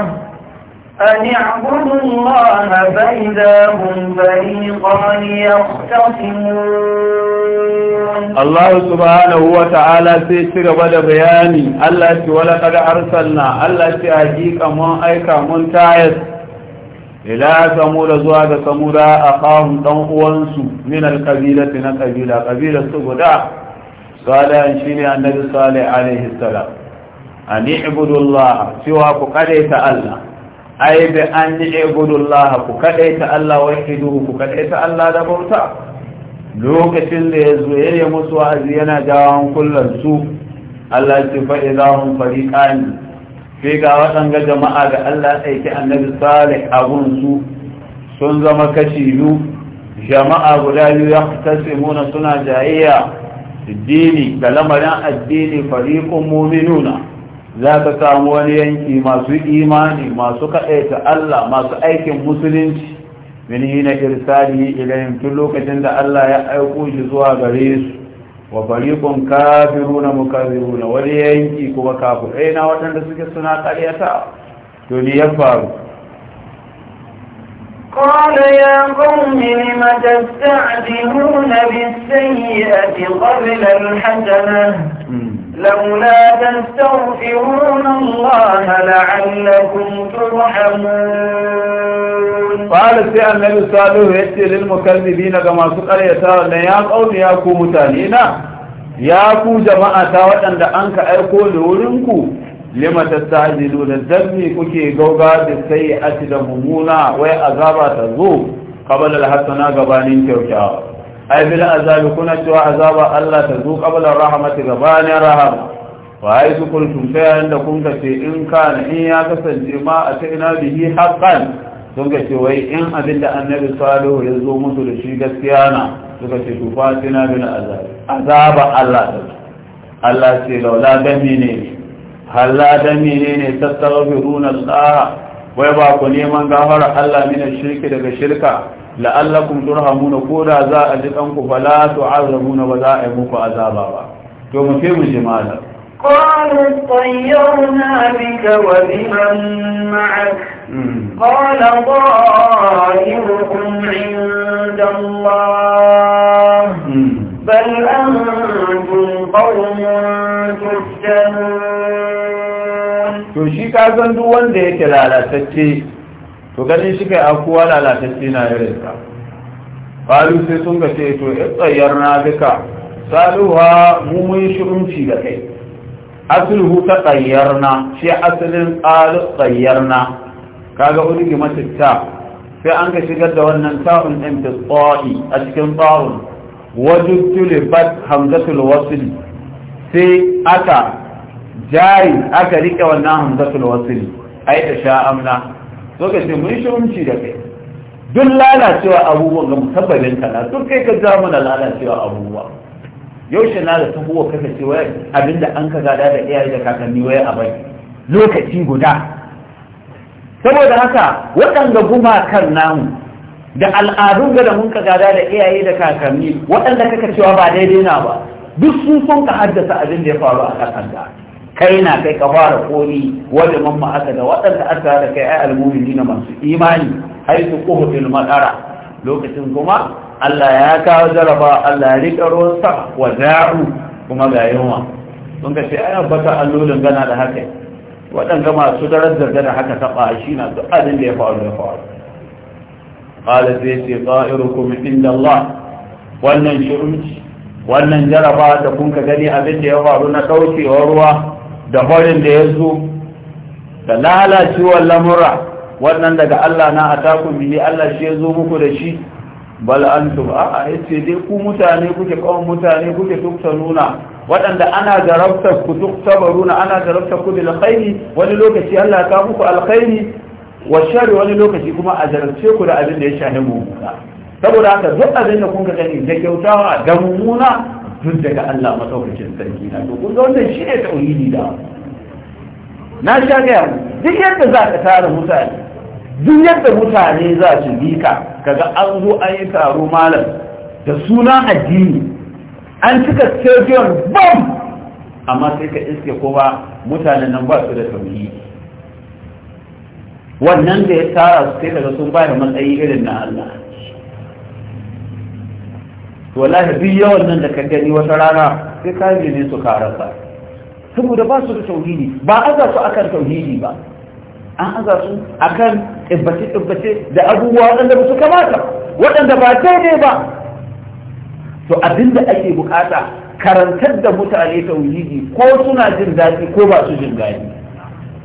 A: أن اعبدوا الله فإذا هم فريقان يختصمون
B: الله سبحانه وتعالى سيشير بدا البياني الله ولقد أرسلنا الله سيحقيق من أيكا من تايس ila samura zuwa ga samura a kawun dan uwansu min alƙabilati na kabila kabila su guda salihan shi ne annabi salih alaihi salam an ibudullah cewa ku ta allah ai da an ibudullah ku ta allah wahiduhu ku ta allah da bauta lokacin da ya zo ya musu wa'azi yana jawon kullansu allah ya ce fa fariqani sai ga waɗanga jama'a da Allah aiki annabi salih abun su sun zama kashi biyu jama'a guda biyu ya tasimuna suna jayayya dini da lamarin addini fariqun mu'minuna za ka samu wani yanki masu imani masu kaɗaita Allah masu aikin musulunci min hina irsalihi ilayhim tun lokacin da Allah ya aiko shi zuwa gare su وفريقهم كافرون مكذبون وليينكي كما كافر اينا وتندسك السنة قرية تولي يفعل قال
A: يا قوم لم تستعدلون بالسيئة قبل الحسنة لولا تستغفرون الله لعلكم ترحمون
B: قال سيئن نبي صالح يتي للمكذبين كما سقر يسار يا قوم يا قوم تانينا يا قوم جماعة تاوتا أنك أركو لولنكو لما تستعجلون الذنب كوكي جوغا السيئة لمومونا ويا أذابا تزوم قبل الحسنة قبانين كوكي ai bil azabi kuna cewa azaba Allah ta zo qabla rahmati gabanin rahama wa ai su kuntum ta yayin da kun ce in kana in ya kasance ma a ta ina bihi haqqan Don ga ce wai in abin da annabi salihu ya zo musu da shi gaskiya na suka ce to fa tina bil azabi azaba Allah ta Allah ce laula dan menene halla dan menene tastaghfiruna Allah wai ba ku neman gafara Allah mina shirki daga shirka la'allakum turhamuna ko da za a ji ɗanku. fa la tu'azzabuna ba za a yi muku azaba ba to mu ce mu jimala
A: قالوا اطيرنا بك وبمن معك قال ضائركم عند الله بل أنتم قوم تفتنون
B: to shi ka san duk wanda yake lalatacce to ganin shi kai akuwa lalatacce na irin ka qalu sai sun ga ce to na duka saluha mu mun shirunci da kai asluhu ta qayyarna shi asalin qalu qayyarna kaga uligi matitta sai an ga shigar da wannan ta'un din fi tsa'i a cikin Wajen wajudtu bat hamzatul wasl sai aka jari aka rike wannan hamzatul A yi ta sha'amna lokacin mun shirunci da kai duk lalacewa abubuwan ga musabbabin kana duk kai ka ja mana lalacewa abubuwa yaushe na da tabuwa kaka ce wai abinda an ka gada da iyaye da kakanni wai a bai lokaci guda saboda haka waɗanda gumakan namu da al'adun da mun ka gada da iyaye da kakanni waɗanda kaka cewa ba daidai na ba duk sun sun ka haddasa abin da ya faru a ƙasar da kai na kai ka fara koli wajen man ma'aka da waɗanda aka da kai ai almumini na masu imani haitu kuhutul madara lokacin kuma Allah ya kawo jaraba Allah ya rika ruwan sa wa da'u kuma ga yunwa sun ka ce ai bata allolin gana da haka waɗanda masu darajar da haka taɓa shi na duk abin da ya faru ya faru qala zai ce qa'irukum inda Allah wannan shirunci wannan jaraba da kun ka gani abin da ya faru na ɗaukewar ruwa da horin da ya zo da lalacewar lamura wannan daga Allah na atakun bihi Allah shi ya zo muku da shi ba a a'a ce dai ku mutane kuke kawon mutane kuke nuna, waɗanda ana jarabtar ku tuktabaruna ana jarabtar ku bil khairi wani lokaci Allah ka muku alkhairi wa shari wani lokaci kuma a jarabce ku da abin da ya shahe mu saboda haka duk abin da kun ga gani da kyautawa da mummuna duk daga Allah madaukakin sarki na to kun wannan shi ne tauhidi da na sha gaya duk yadda za ka tara mutane duk yadda mutane za su bi ka kaga an zo an yi taro malam da suna addini an cika stadium bam amma sai ka iske kuma mutanen nan ba su da tauhidi wannan da ya tara su sai daga sun ba da matsayi irin na Allah wallahi duk yawan nan da ka gani wata rana sai ka ne su karasa saboda ba su da tauhidi ba aza su akan tauhidi ba an aza su akan tsibbace tsibbace da abubuwa waɗanda ba su kamata waɗanda ba daidai ba to abinda ake bukata karantar da mutane tauhidi ko suna jin daɗi ko ba su jin daɗi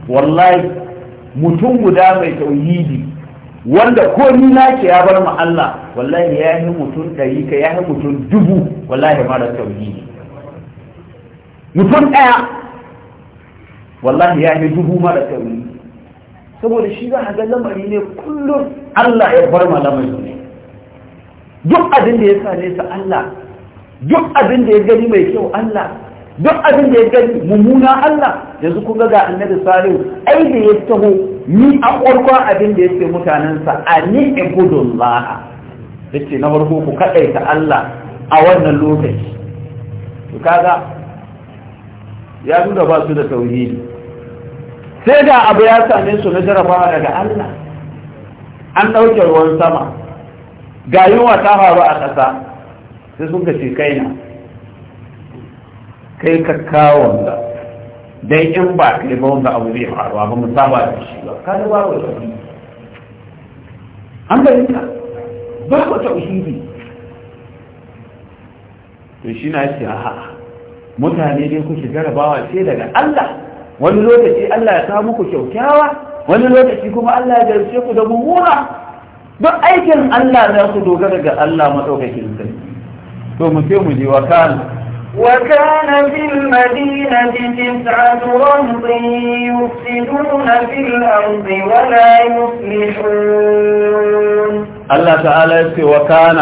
B: wallahi mutum guda mai tauhidi wanda ko ni na ke ya bar mu Allah wallahi ya yi mutum ɗari ka ya yi mutum dubu wallahi mara ne. mutum ɗaya wallahi ya yi dubu mara tauhidi saboda shi za a ga lamari ne kullum Allah ya bar ma lamari ne duk abin da ya sa sa Allah duk abin da ya gani mai kyau Allah duk abin da ya gani mummuna Allah yanzu kun ga ga annabi salihu ai da ya taho ni a farkon abin da yake mutanensa a ni ibudun laha ce na farko ku kadaita Allah a wannan lokaci to kaga ya nuna ba su da tauhidi sai da abu ya same su na jarabawa daga Allah an ɗauke ruwan sama ga yunwa ta faru a ƙasa sai sun ka ce na. kai ka da dai in ba kai ba wanda abu zai faru ba mu saba da shi ba kada ba wa tafi an bayyana
C: ba wa ne.
B: to shi na ce ha mutane dai kuke jarabawa sai daga Allah wani lokaci Allah ya samu ku kyaukyawa wani lokaci kuma Allah ya jarce ku da mummuna duk aikin Allah za ku dogara ga Allah madaukakin sarki to mu sai mu je wa kana
A: وكان في المدينة تسعة رهط يفسدون في الأرض ولا يصلحون
B: الله تعالى وكان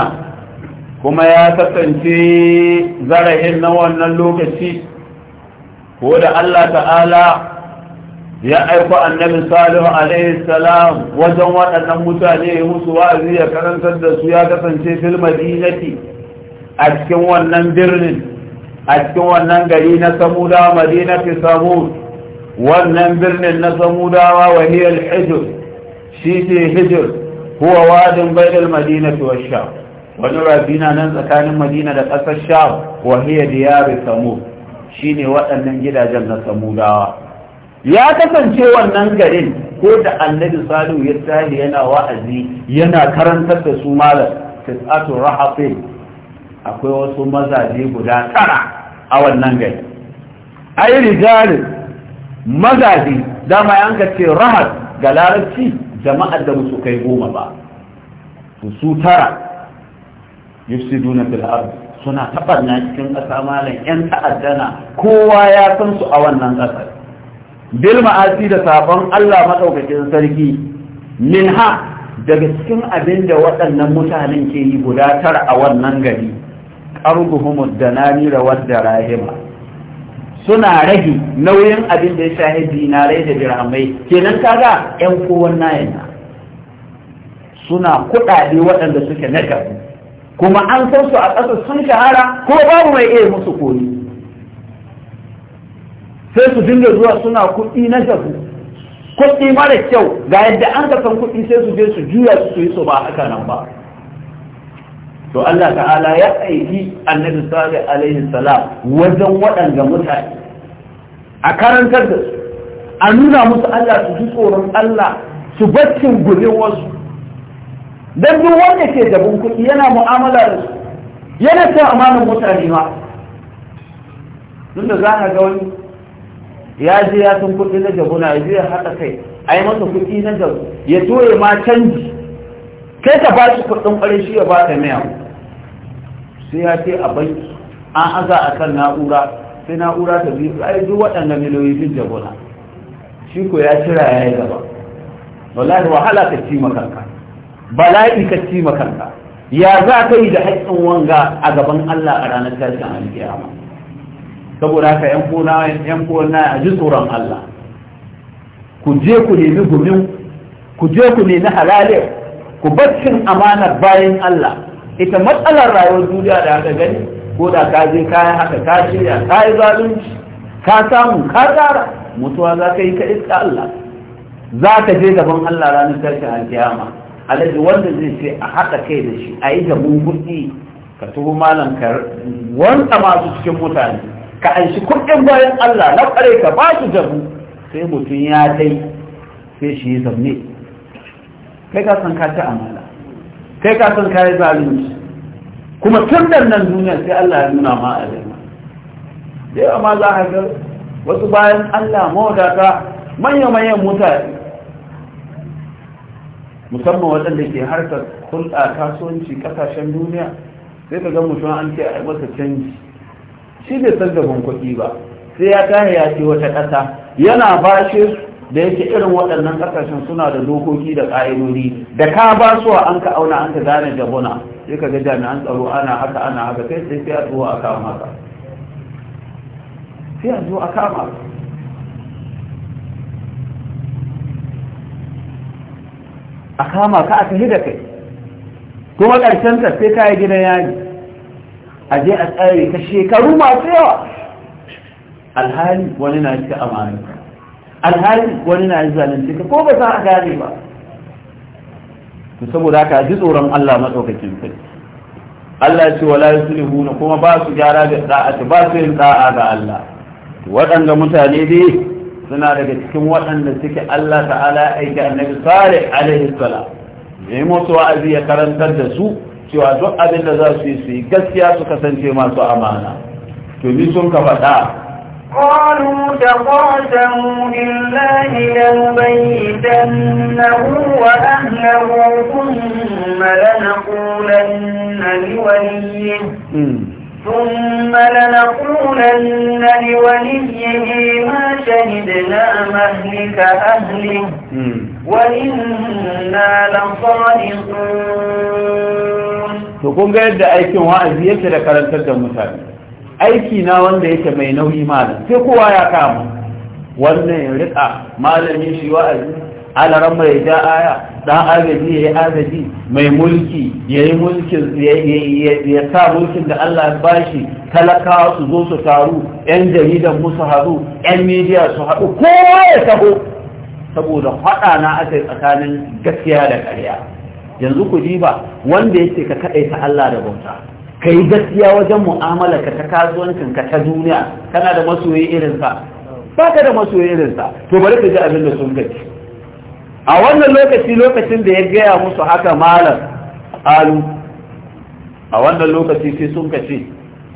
B: kuma ya kasance zarahin na wannan lokaci ko da Allah ta'ala ya aiko annabi salihu alaihi salam wajen waɗannan mutane ya musu wa'azi ya karantar da su ya kasance fil madinati a cikin wannan birnin a cikin wannan gari na samudawa madinati samud wannan birnin na samudawa wa hiya al shi ce hijr huwa wadin bainal madinati wa wani rafi na nan tsakanin madina da ƙasar sha wa hiya diyar samud shine waɗannan gidajen na samudawa ya kasance wannan garin ko da annabi salihu ya tsari yana wa'azi yana karantar da su malam tis'atu rahafin akwai wasu mazaje guda tara a wannan gari ai rijalin mazaje dama yanka ce rahat ga larabci jama'ar da musu kai goma ba su tara yufsiduna fil ard suna tabarna cikin ƙasa malam yan ta'addana kowa ya san su a wannan ƙasar bil ma'asi da sabon Allah madaukakin sarki minha daga cikin abin da waɗannan mutanen ke yi guda tara a wannan gari arduhum wa ad darahima suna rage nauyin abin da ya shahi dinarai da dirhamai kenan kaga yan kowan nayin suna kuɗaɗe waɗanda suke na kuma an san su a ƙasa sun shahara ko babu mai iya musu koyi sai su dinga zuwa suna kuɗi na gabu kuɗi mara kyau ga yadda an ka san kuɗi sai su je su juya su yi su ba haka nan ba to Allah ta'ala ya aiki annabi sallallahu alaihi salam wajen waɗanda mutane a karantar da su a nuna musu Allah su ji tsoron Allah su baccin gure wasu dan duk wanda ke da kuɗi yana mu'amala da su yana sa mutane ma tunda za ka ga wani ya je ya san kuɗi na jabuna ya je ya haɗa kai a yi masa kuɗi na jabu ya toye ma canji kai ka ba shi kuɗin kwarai shi ya ba ka miya sai ya ce a banki an aza a kan na'ura sai na'ura ta biyu ai duk waɗanda miliyoyi bin jagora shi ko ya cira ya yi gaba wallahi wahala ka ci makanka bala'i ka ci makanka ya za ka yi da haƙƙin wanga a gaban Allah a ranar tashin alƙiyama saboda haka yan kona yan kona a ji tsoron Allah ku je ku nemi gumin ku je ku nemi halalin ku cin amanar bayan Allah ita matsalar rayuwar duniya da aka gani ko da ka je kayan haka ka shirya ka yi zalunci ka samu ka tsara mutuwa za ka yi ka iska Allah za ka je gaban Allah ranar tashin alkiyama alaji wanda zai ce a haɗa kai da shi a yi da kuɗi ka tuhu malam ka wanda masu cikin mutane ka anshi kuɗin bayan Allah na ƙare ka ba su jabu sai mutum ya kai sai shi zaune kai ka san ka ci amana kai ka san ka yi zalunci kuma tun da nan duniya sai Allah ya nuna ma alima da yawa ma za a ga wasu bayan Allah mawadata manya-manyan mutane musamman waɗanda ke harkar hulɗa kasuwanci ƙasashen duniya sai ka ga mutum an ce a masa canji shi bai san gaban kuɗi ba sai ya tahe ya ce wata ƙasa yana bashe su da yake irin waɗannan ƙasashen suna da dokoki da ƙa'idodi da ka ba su an ka auna an ka gane jabuna. sai ka ga jami'an tsaro ana haka ana haka kai sai sai a zo a kama ka sai a zo a kama ka a kama ka a tafi da kai kuma ƙarshen ka sai ka yi gidan yaji a je a tsare ka shekaru masu yawa alhali wani na cika amana alhali wani na zalunci ka ko ba za a gane ba to saboda haka ji tsoron Allah madaukakin sarki Allah ce wala na kuma ba su gyara da da'ati ba su yin da'a ga Allah waɗanda mutane dai suna daga cikin waɗanda suke Allah ta'ala aika annabi salih alaihi salam yayi musu wa'azi ya karantar da su cewa duk abin da za su yi su yi gaskiya su kasance masu amana to ni sun ka faɗa
A: قالوا تقاسموا بالله لنبيتنه وأهله ثم لنقولن لوليه ثم لنقولن لوليه ما شهدنا مهلك أهله وإنا لصادقون
B: تقوم قاعد أيكم وعزية لكرنتك المثال aiki na wanda yake mai nauyi malam sai kowa ya kama wannan ya rika malamin shi wa'azi alaran mai ja aya dan agaji ya yi mai mulki ya yi mulkin ya sa mulkin da Allah ya bashi talakawa su zo su taru yan jaridan musu haɗu yan midiya su haɗu kowa ya taho saboda faɗa na aka tsakanin gaskiya da ƙarya yanzu ku diba wanda yake ka kaɗaita Allah da bauta ka yi gaskiya wajen mu'amala ka ta kasuwancin ka ta duniya kana da masoyi irinsa ba ka da masoyi irinsa to bari ka ji abin da sun gaci a wannan lokaci lokacin da ya gaya musu haka malam alu a wannan lokaci sai sun kace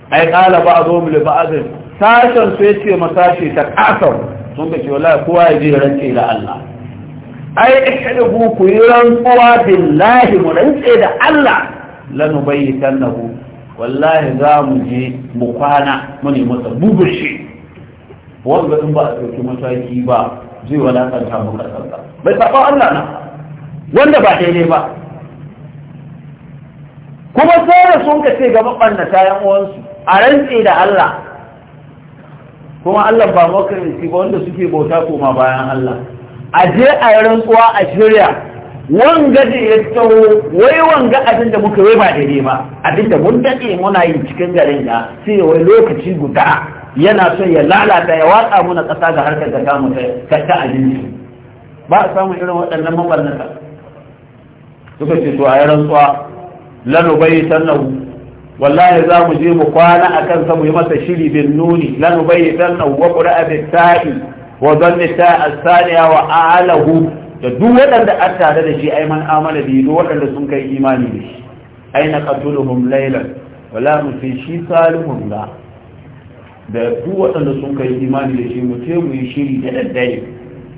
B: ai kala ba a zo mu ba'azin sashen su ya ce masashe ta kasar sun kace wallahi kowa ya ji rance da Allah ai ihdu ku yi rantsuwa billahi mu rantse da Allah lanubayyitannahu wallahi za mu je mu kwana mu ne masa bubushi wanda in ba a ɗauki mataki ba zai wadatanta mu kasarsa bai saba Allah na wanda ba daidai ba kuma sai da sun ka ce ga maɓannata yan uwansu a rantse da Allah kuma Allah ba makarinci ba wanda suke bauta koma bayan Allah a je a yi rantsuwa a shirya wanga da ya tsawo wai wanga abin da muka yi ba daidai ba abin da mun daɗe muna yi cikin garin da sai wai lokaci guda yana son ya lalata ya watsa muna ƙasa ga harkar da kamu ta ta abinci ba a samun irin waɗannan mabarnata suka ce to a yi rantsuwa lanubai sannan wallahi za mu je mu kwana a kansa mu yi masa shiri bin nuni lanubai sannan wa ƙura'a bin ta'i wa zanni ta'a saniya wa alahu da duk waɗanda an tare da shi ai man amana bi duk waɗanda sun kai imani da shi ai na qatuluhum laylan wala mu fi shi salihun da da duk waɗanda sun kai imani da shi mu ce mu yi shiri da daddare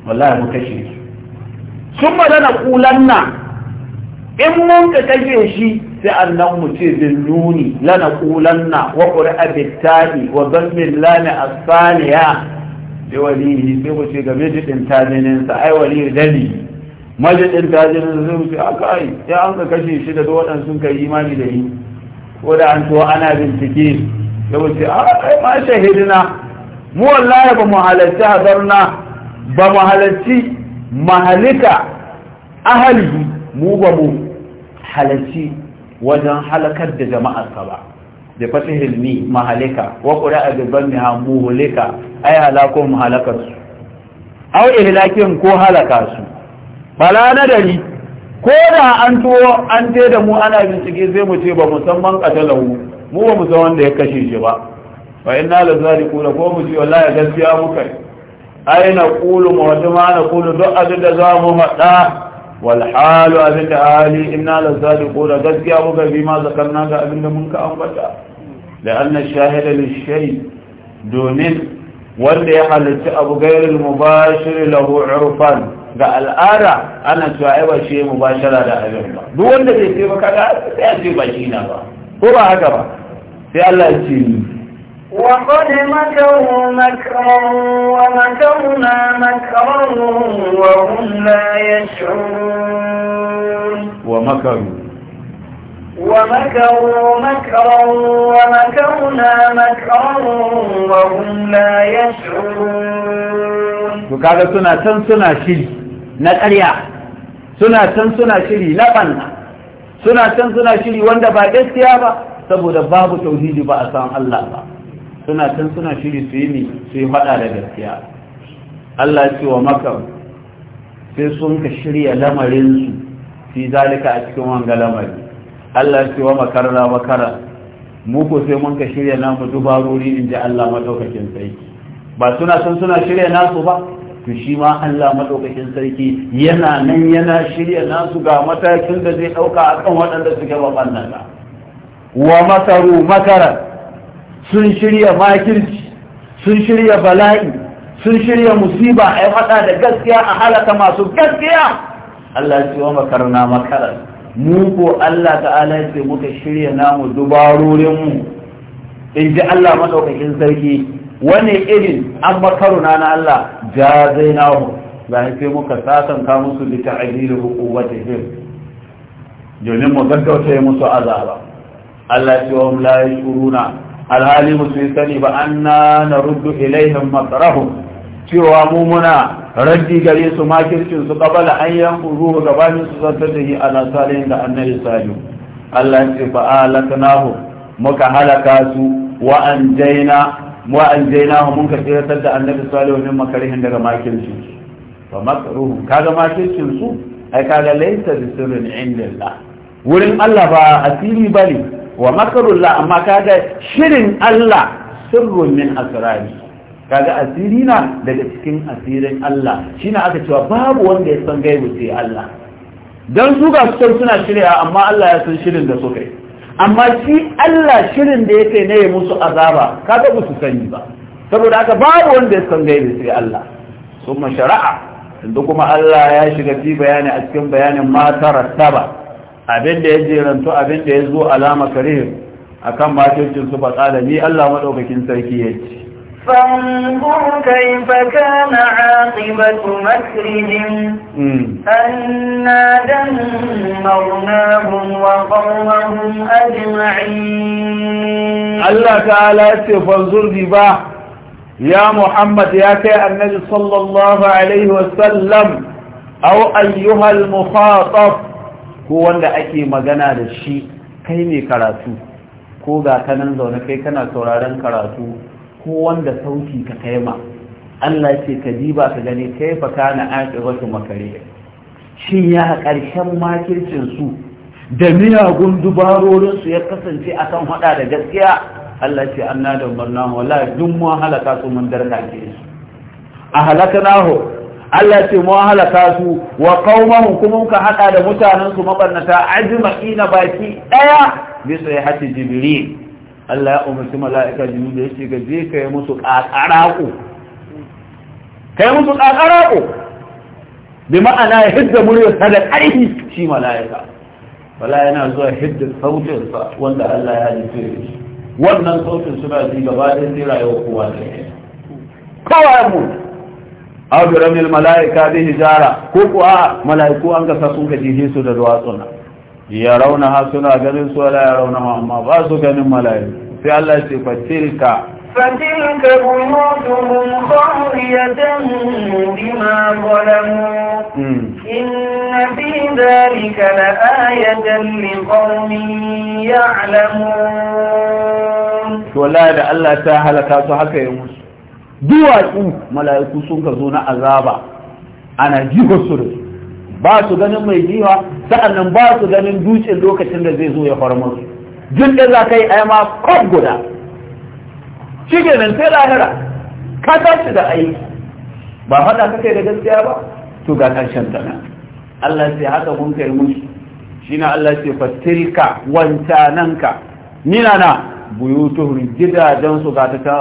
B: wallahi mu kashe su sun ma dana kulanna in mun ka kashe shi sai annan mu ce bin nuni lana kulanna wa qur'a bitta'i wa dhammin lana as-saniya sai waliyi sai mu ce ga mijidin sa ai waliyi dali majidin tajininsa sai mu ce aka ah, ai ya an ka kashe shi da waɗansu sun kai imani da yi ko da an to ana bincike sai mu ce ah, ai ma shahidina mu wallahi ba mu halarci hadarna ba mu halarci mahalika ahali mu ba mu halarci wajen halakar da ka ba da fatihil ilmi mahalika wa qura'a bi dhammiha muhlika ay halakum halakasu aw ihlakin ko halaka su bala nadari ko da an tuwo an te da mu ana bincike zai mu ce ba musamman qatalahu mu ba mu san wanda ya kashe shi ba fa inna la la ko mu ji wallahi gaskiya muka ai na qulu mu wa ma na qulu duk abin da za mu faɗa walhalu abinda hali ina da zaɗi ƙura gaskiya buga fi ma zakarna ga abinda mun ka ambata da annan shahidar shai domin wanda ya halarci abu gairin mu ba shi lahu ga al'ada ana cewa ai ba mu ba da abin ba duk wanda zai ce ba kaga sai a ce ba shi na ba ko ba haka ba sai Allah ya ce
A: وقد مكروا مكرا ومكرنا مكرا وهم لا يشعرون
B: ومكروا
A: ومكروا مكرا ومكرنا مكرا وهم لا يشعرون
B: وكذا سنة سنة شيء نتريا suna can suna shiri na banna suna can suna shiri wanda ba gaskiya ba saboda babu tauhidi ba a san Allah ba suna can suna shiri su yi ne su yi faɗa da gaskiya Allah ce wa maka sai sun ka shirya lamarinsu fi zalika a cikin wanga lamari Allah ce wa makarra makara mu ko sai mun ka shirya namu dubarori in ji Allah madaukakin sarki ba suna san suna shirya nasu ba to shi ma Allah madaukakin sarki yana nan yana shirya nasu ga matakin da zai ɗauka akan waɗanda suke ba nan. wa makaru makara sun shirya makirci sun shirya bala'i sun shirya musiba a faɗa da gaskiya a halaka masu gaskiya Allah ce wa makarna makarar mu ko Allah ta'ala ce muka shirya namu dubarorinmu in ji Allah maɗaukakin sarki wani irin an makaruna na Allah ja zai nahu sai muka sasanta musu da ta'adilu hukumatihim domin mu gaggauta musu azaba Allah ce wa la yashuruna alhali musu sani ba na naruddu ilaihin masarahu. cewa mu muna raddi gare su makircin su kabala an yanku ruhu gabanin su zartar da yi ala salihin da annabi salihu Allah ya ce ba'a alaknahu muka halaka su wa anjayna wa anjayna mun ka tsiratar da annabi salihu min makarihin daga makircin su fa makruhum kaga makircin su ai kaga laysa bi sirrin inda wurin Allah ba asiri bane wa makarulla amma kaga shirin Allah sirrun min asrari kaga asiri na daga cikin asirin Allah shine aka cewa babu wanda ya san gaibu sai Allah dan su ga su suna shirya amma Allah ya san shirin da su kai amma shi Allah shirin da yake ne ya musu azaba kaga ba su sani ba saboda haka babu wanda ya san gaibu sai Allah summa shara'a inda kuma Allah ya shiga fi bayani a cikin bayanin ma tarattaba abin da ya jerantu abin da ya zo alama karihim akan matocin su fatsala ni Allah madaukakin sarki ya ce
A: فانظر كيف كان عاقبة مكرهم أنا دمرناهم وقومهم أجمعين
B: الله تعالى فانظر دبا يا محمد يا كي النبي صلى الله عليه وسلم أو أيها المخاطب ko wanda ake magana da shi kai ne karatu ko ga kanan zaune kai kana sauraron karatu ko wanda sauki ka taima Allah ce ka diba ka gani kai fa kana wasu makare shin ya karshen makircin su da miyagun dubarorin su ya kasance akan hada da gaskiya Allah ce anna da barna wala duk mu halaka su mun darka ke su a halakanahu Allah ya ce mu halaka su wa qaumahum kuma muka hada da mutanen su mabannata ajma'ina baki daya bi sayhati jibril Allah ya umarci mala'ika jibril da yace ga je kai musu kakaraku kai musu kakaraku bi ma'ana ya hidda muryar ta da ƙarfi shi mala'ika wala yana zuwa hidda sautin sa wanda Allah ya halitta shi wannan sautin suna ji gaba ɗaya sai rayuwar kowa ne kowa ya mutu aw bi ramil malaika bi hijara ko ko a malaiku an ka sun ka jihe su da duwatsuna ya rauna ha suna ganin su wala ya rauna ma amma ba su ganin malaiku sai Allah ya ce fatilka
A: فتلك بيوتهم خاوية بما ظلموا إن في ذلك لآية لقوم يعلمون
B: ولا da Allah ta halaka su haka ya musu duwatsu mala'iku sun ka zo na azaba ana jihar su da ba su ganin mai jiwa sa'annan ba su ganin dutsen lokacin da zai zo ya farmar su jin da za ka yi ma kwab guda shi nan sai lahira ka tashi da aiki ba faɗa ka kai da gaskiya ba to ga ƙarshen ta nan Allah sai haka kun kai musu shi na Allah sai nan wancananka nina na buyutuhun gidajensu ga ta ta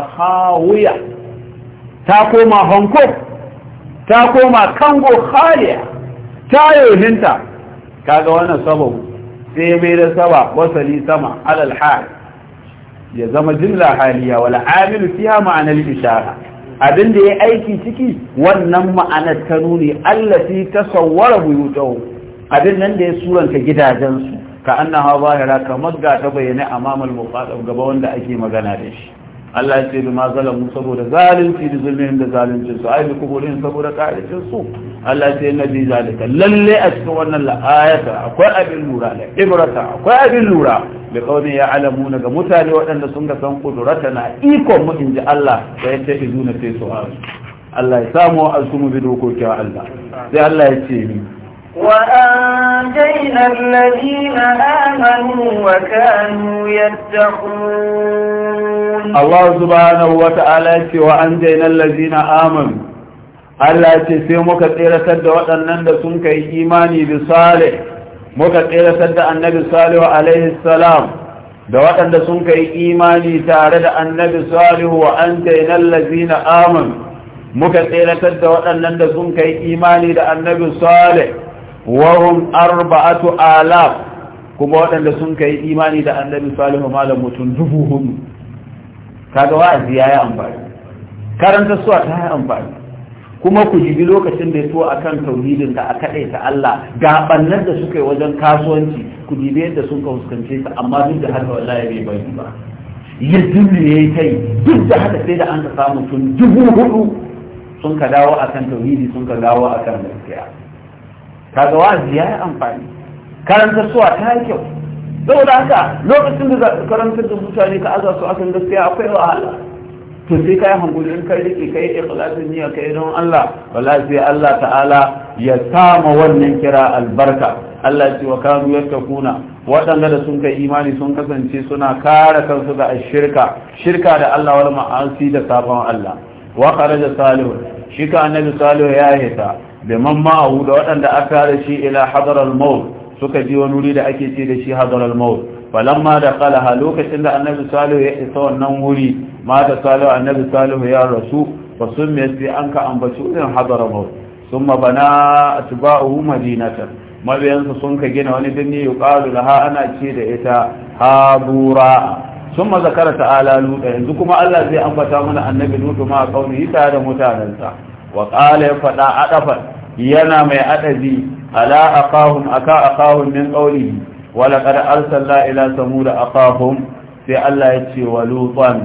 B: ta koma hong kong ta koma kango khaliya ta yohinta kaga wannan sababu sai mai da saba wasali sama alal hal ya zama jimla haliya wala amilu fiha ma'anar ishara abin da ya aiki ciki wannan ma'anar ta nuni allati tasawwara buyutahu abin nan da ya suranta gidajensu ka annaha zahira kamar ga ta bayyana amamal muqaddam gaba wanda ake magana da shi Allah ya ce bi ma mu saboda zalunci da zulmin da zalunci su ai ku gurin saboda ƙarfin su Allah ya ce na bi zalika lalle a cikin wannan la'ayata akwai abin lura da ibrata akwai abin lura da kauni ya alamu ga mutane waɗanda sun ga san kudurata na iko mu inji Allah da ya ce izuna sai su Allah ya samu a su mu bi dokokin Allah sai Allah ya ce ni
A: وأنجينا الذين آمنوا وكانوا يتقون
B: الله سبحانه وتعالى وأنجينا الذين آمنوا Allah ce sai muka tseratar da waɗannan da sun kai imani bi Sale. muka tseratar da annabi salihu alaihi salam da waɗanda sun kai imani tare da annabi salihu wa an tainal lazina amin muka tseratar da waɗannan da sun kai imani da annabi salih wahum arba'atu alaf kuma waɗanda sun kai imani da annabi salihu malam mutum dubu hudu kaga wa'azi yi amfani karanta suwa ta yi amfani kuma ku jibi lokacin da ya a akan tauhidin da aka ta Allah ga da suka yi wajen kasuwanci ku jibi yadda sun ka fuskance ta amma duk da haka wallahi bai bai ba ya yi kai duk da haka sai da an ka samu tun dubu hudu sun ka dawo akan tauhidi sun ka dawo akan gaskiya kaga wa'azi ya yi amfani karanta suwa ta yi kyau da haka lokacin da karantar da mutane ka aza su akan gaskiya akwai wahala to sai kai hankuli in kai rike kai ikhlasin niyya kai don Allah wala sai Allah ta'ala ya sama wannan kira albarka Allah ya ce wa kanu yattakuna waɗanda da sun kai imani sun kasance suna kare kansu da shirka shirka da Allah wal ma'asi da sabon Allah wa da salihu shi ka annabi salihu ya hita da man ma'ahu da waɗanda aka da shi ila hadaral maut suka ji wani wuri da ake ce da shi hadaral maut falamma da ha lokacin da annabi salihu ya isa wannan wuri ma da salihu annabi salihu ya rasu fa me sai an ka ambaci irin hadaral maut thumma bana atba'uhu madinatan mabiyansa sun ka gina wani birni yuqalu ha ana ce da ita habura ثم ذكر ta لوطا yanzu kuma Allah zai ambata mana annabi lutu ma kauni tare da mutanansa wa qala ya fada adafan yana mai adabi ala ka a aqahum min qawlihi wa laqad arsalna ila a ƙahun, sai Allah ya ce wa lutan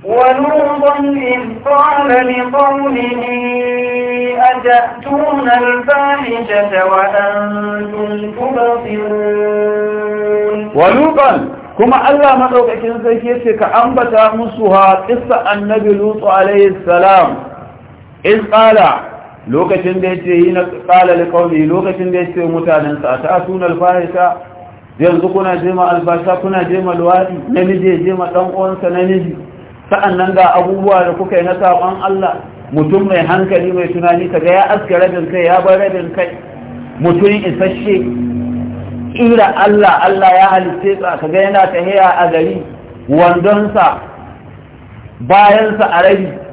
A: wa lutan in qala li qawlihi atatuna al-fahishata wa antum tubsirun wa lutan
B: kuma Allah madaukakin sarki ce ka ambata musu ha qissa annabi lutsu alayhi salam in tsala lokacin da ce yi na tsala da kauli lokacin da yace mutanen sa ta sunan fahisa yanzu kuna jema albasa, kuna jema luwadi namiji ya jema dan uwansa namiji sa'annan ga abubuwa da kuka yi na saƙon Allah mutum mai hankali mai tunani kaga ya aske rabin kai ya bar rabin kai mutum isasshe kira Allah Allah ya halitte sa kaga yana tahiya a gari wandonsa bayansa a rabi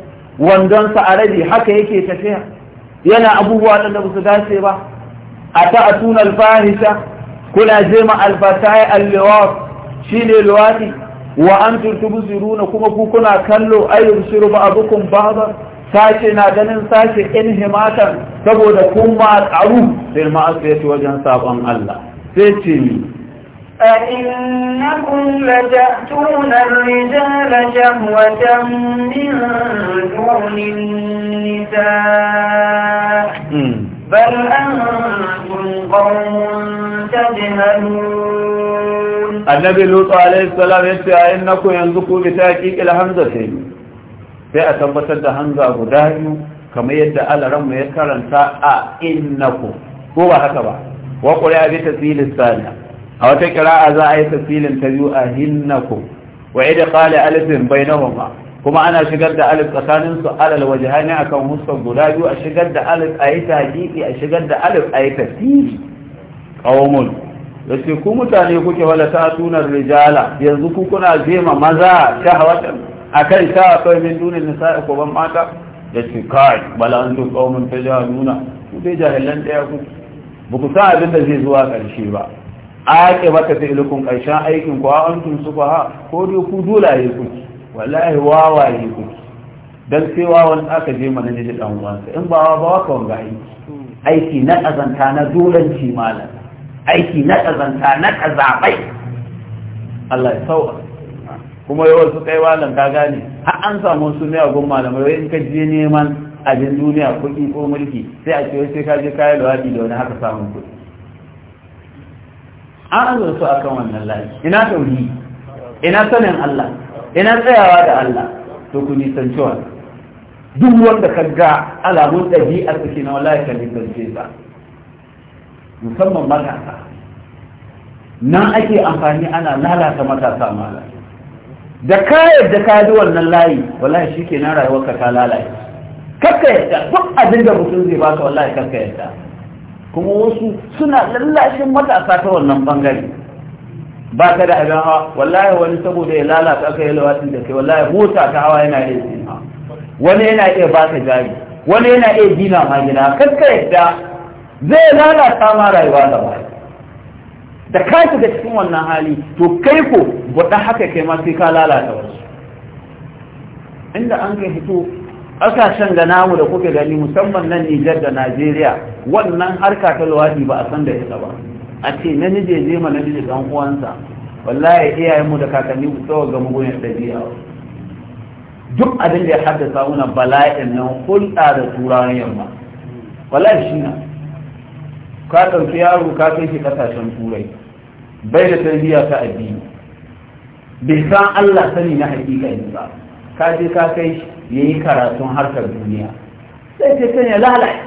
B: wandonsa a rabi haka yake tafiya yana abubuwa da ba su dace ba a ta'atun alfahisha kuna jema alfatai alliwat shine luwati wa antum tubsiruna kuma ku kuna kallo a ba'dukum ba'dan sace na ganin sace inhimatan saboda kuma ma'aru bil ma'asiyati wajen sabon Allah sai ce ni
A: أئنكم لتأتون الرجال شهوة من دون النساء بل أنتم قوم تجهلون
B: النبي لوط عليه السلام يسعى أئنكم ينزقوا بتأكيك الهمزة في أثبت الهمزة أبو كما يدعى الرم يكرن ساء أئنكم هو هكذا وقل يا بيت الثاني a wata kira'a za a yi tafsilin ta biyu a hinnaku wa ida qala alifin bai bainahuma kuma ana shigar da alif tsakanin su alal wajhani akan huskan guda biyu a shigar da alif a yi tahqiqi a shigar da alif a yi tafsiri qaumun yace ku mutane kuke wala ta'tuna rijala yanzu ku kuna jema maza shahawatan akan shahawatan min dunin nisa'i ko ban mata yace kai bala ta jihar nuna ku dai jahilan ɗaya ku ba ku san abin da zai zuwa ƙarshe ba ake mata fi'ilukun ƙarshen aikin ku an tun su ba ko dai ku yi ku wallahi wawaye ku dan sai wawan aka je mana ne dan uwansa in ba ba ka wanga aiki aiki na kazanta na dolanci malam aiki na kazanta na kazabai Allah ya sauka kuma yawan su kai walan ka gane har an samu su ne a gun malamai wai in ka je neman abin duniya kuɗi ko mulki sai a ce sai ka je kayan luwaɗi da wani haka samun kuɗi an azurtu a kan wannan layi ina tauri ina sanin Allah ina tsayawa da Allah to ku nisanci wannan duk wanda ka ga alamun ɗabi'ar su ke na wala ka nisance ba musamman matasa nan ake amfani ana lalata matasa mala da ka yadda ka yi wannan layi wala shi ke na ka, ka lalace kakka yadda duk abin da mutum zai baka wala ka yadda kuma wasu suna lallashin matasa ta wannan bangare ba ka da abin hawa wallahi wani saboda ya lalata aka yi lawatin da kai wallahi hota ta hawa yana iya zina wani yana iya ba ka jari wani yana iya gina ma gina kakka yadda zai lalata ma rayuwa da baya da ka shiga cikin wannan hali to kai ko buɗa haka kai ma sai ka lalata wasu inda an kai hito ƙasashen da namu da kuke gani musamman nan Nijar da Najeriya wannan harka ta luwaɗi ba a san da ita ba a ce na nije je ma na nije ɗan uwansa wallahi iyayen mu da kakanni ku tsawo ga mugunyar ɗabi'a duk abin da ya haddasa muna bala'in nan hulɗa da turawan yamma wallahi shi na ka ɗauki yaro ka kai shi ƙasashen turai bai da tarbiyya ta addini bai san Allah sani na hakika ba ka je ka kai shi ya yi karatun harkar duniya sai ce sanya lalace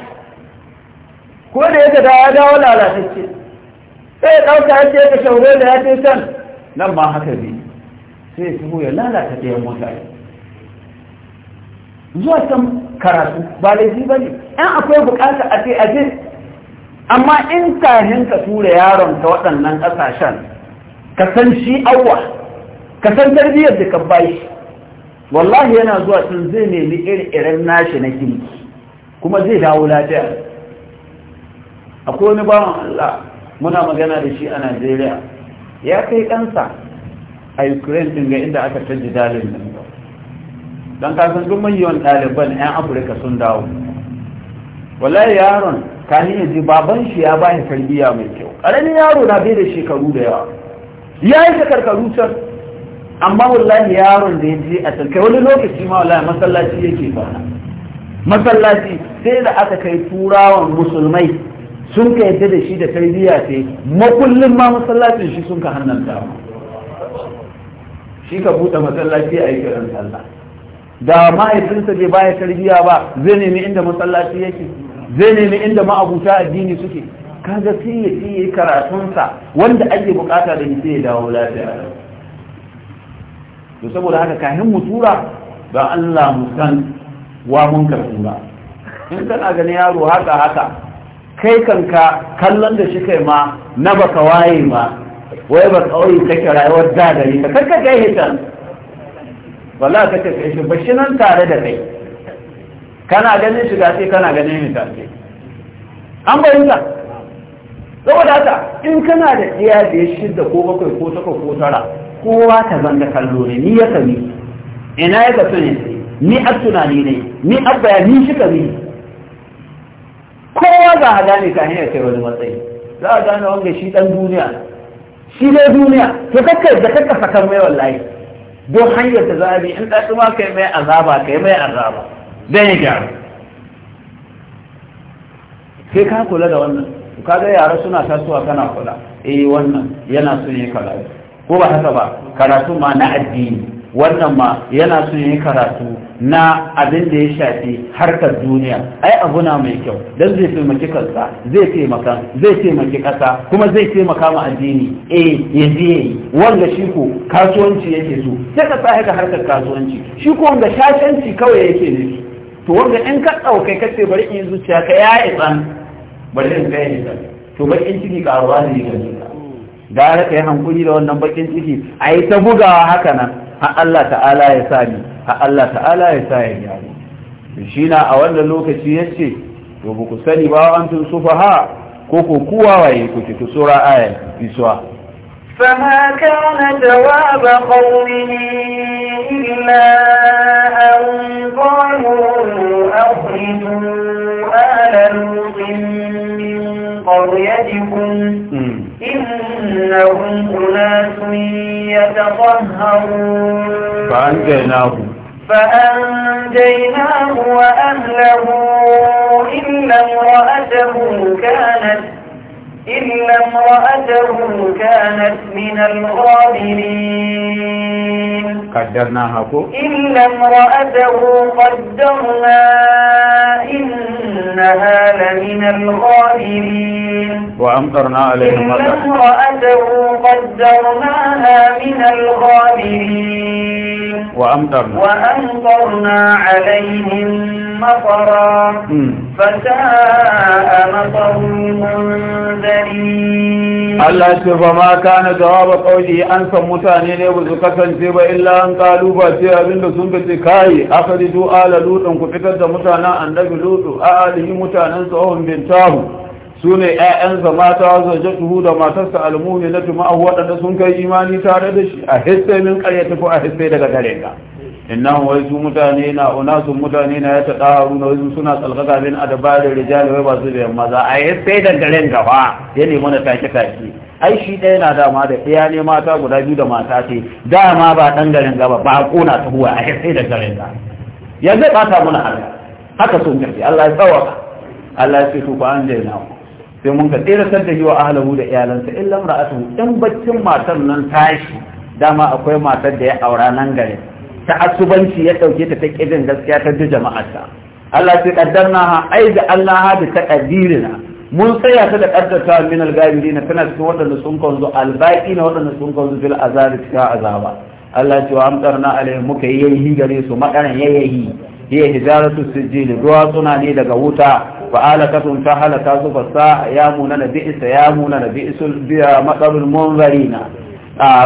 B: ko da ya gada ya dawo lalatacce sai ya ɗauka yadda ya kashe da ya ce san. nan ba haka bi sai ya shigo ya lalata ɗayan mutane zuwa san karatu ba laifi ba ne ɗan akwai bukata a ce a je amma in kahin ka tura yaron ta waɗannan ƙasashen ka san shi awwa ka san tarbiyyar da ka bai shi wallahi yana zuwa tun zai nemi irin nashi na gini kuma zai dawo lafiya akwai wani bawan Allah muna magana da shi a Najeriya ya kai ɗansa a Ukraine din ga inda aka canji dalin nan don kasan duk manyan ɗaliban 'yan Afirka sun dawo wallahi yaron ka ya ji baban shi ya bayan tarbiyya mai kyau ƙaramin yaro na bai da shekaru da yawa ya yi ta amma wallahi yaron da ya je a can wani lokaci ma wallahi masallaci yake kwana masallaci sai da aka kai turawan musulmai sun ka yadda da shi da tarbiyya sai makullin ma masallacin shi sun ka hannanta shi ka buɗe masallaci a yi kiran da ma'aikinsa bai baya tarbiyya ba zai nemi inda masallaci yake zai nemi inda ma'abuta addini suke kaga sai ya karatunsa wanda ake bukata da sai ya dawo lafiya to saboda haka kahin mu tura ga Allah mu san wa mun ka tura in kana gani yaro haka haka kai kanka kallon da shi kai ma na baka waye ma wai ba kauye kake rayuwar da gari ka kanka kai hitan wallahi kake kai shi bashi nan tare da kai kana ganin shiga sai kana ganin hitan an bayyana saboda haka in kana da iya da ya shidda ko bakwai ko takwas ko tara kowa ta zanga kallo ne ni ya sani ina ya zato ne ni a tunani ne ni a bayani shi ka bi kowa za a gane ka hanyar kai wani matsayi za a gane wanda shi dan duniya shi dai duniya to kakka da kakka sakar mai wallahi don hanyar ta za a bi in ɗaɗi ma kai mai azaba kai mai azaba don ya gyaru sai ka kula da wannan ga yara suna tasowa kana kula eh wannan yana son ya kaza ko ba haka ba karatu ma na addini wannan ma yana so yi karatu na abin da ya shafi harkar duniya ai abu na mai kyau don zai taimaki kansa zai taimaka zai taimaki ƙasa kuma zai taimaka ma addini eh ya je wanda shi ko kasuwanci yake so sai ka ga harkar kasuwanci shi ko wanda shashanci kawai yake ne to wanda in ka ɗaukai ka ce bari in zuciya ka yayi tsan bari in kai ne to bakin in ciki ƙaruwa ne ga gara ka yi hankuli da wannan bakin ciki a yi ta bugawa haka nan ha Allah ta'ala ya sa ni ha Allah ta'ala ya sa ya gyara shi na a wannan lokaci ya ce to ba ku sani ba an tun ha ko ko kuwa waye ku ci ku sura aya biswa
A: فما kana جواب قومه illa an قالوا أخرجوا آل لوط قريتكم إنهم أناس يتطهرون فأنجيناه فأنجيناه وأهله إلا امرأته كانت إلا امرأته كانت من الغابرين
C: قدرناها كو
A: إلا امرأته قدرنا إنها لمن الغابرين وأمطرنا عليهم إلا امرأته قدرناها من الغابرين
B: وأمطرنا
A: وأمطرنا عليهم مطرا فساء مطر المنذرين الله سبحانه
B: ما كان جواب قوله أنسى متانين يبزو كسن سيبا إلا أن قالوا فاتيا بند سنبت كاي أخرجوا آل لوط كفتت متانا أن نجلوط آله متانا سوهم بنتاهم su ne ‘ya'yansa mata zaujatuhu da matarsa almuni na tuma tuma'ahu waɗanda sun kai imani tare da shi a hisse min ƙarya tafi a hisse daga gare ka innan wai su mutane na unasun mutane na ya taɗa haru na wasu suna tsalkaka min a dabarar rijali wai ba su da maza a hisse daga gare ka fa ya nemi na take take ai shi ɗaya na dama da ɗaya ne mata guda biyu da mata ce dama ba ɗan garin gaba ba ƙona ta huwa a hisse daga gare ka yanzu ba ta muna haka haka sun gaske Allah ya tsawaka Allah ya ce ku ba an daina ku sai mun ka tsirasar da yi wa ahalahu da iyalansa illa ra'atu in baccin matar nan tashi dama akwai matar da ya aura nan gare ta asubanci ya dauke ta ta kidin gaskiya ta ji jama'arta Allah sai kaddarna ha ai da Allah ha bi taqdirina mun tsaya ta da kaddarta min al-ghaibina tana cikin wadanda sun kanzu al na wadanda sun kanzu fil azabi ta azaba Allah ce wa amtarna alai muka yayi gare su makaran yayi yayi hijaratu sijil ruwa suna ne daga wuta فآلكتهم فهلكا فساء يا موننا بئس يا موننا بئس مطر المنذرين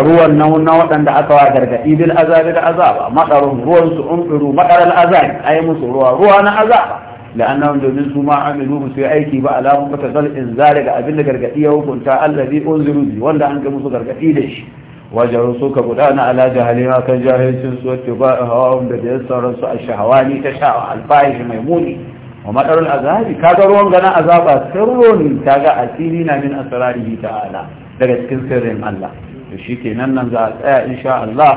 B: ruwan na waɗanda aka wa gargadi bil azabi da azaba madarin ruwan su umfiru madaral azabi ayi musu ruwa ruwa na azaba la'annahum domin su ma amilu su aiki ba alamu ta zal inzari ga abin da gargaɗi ya hukunta allazi unziru bi wanda an ga musu gargaɗi da shi wajen su ka gudana ala jahalima kan hawa da da a shahawani ta a alfahish mai muni ومدر الأذاب كذرون غنا أذاب سرون تاغا أسيرين من أسراره تعالى درس كنسرهم الله الشيكي ننن ذات آه، إن شاء الله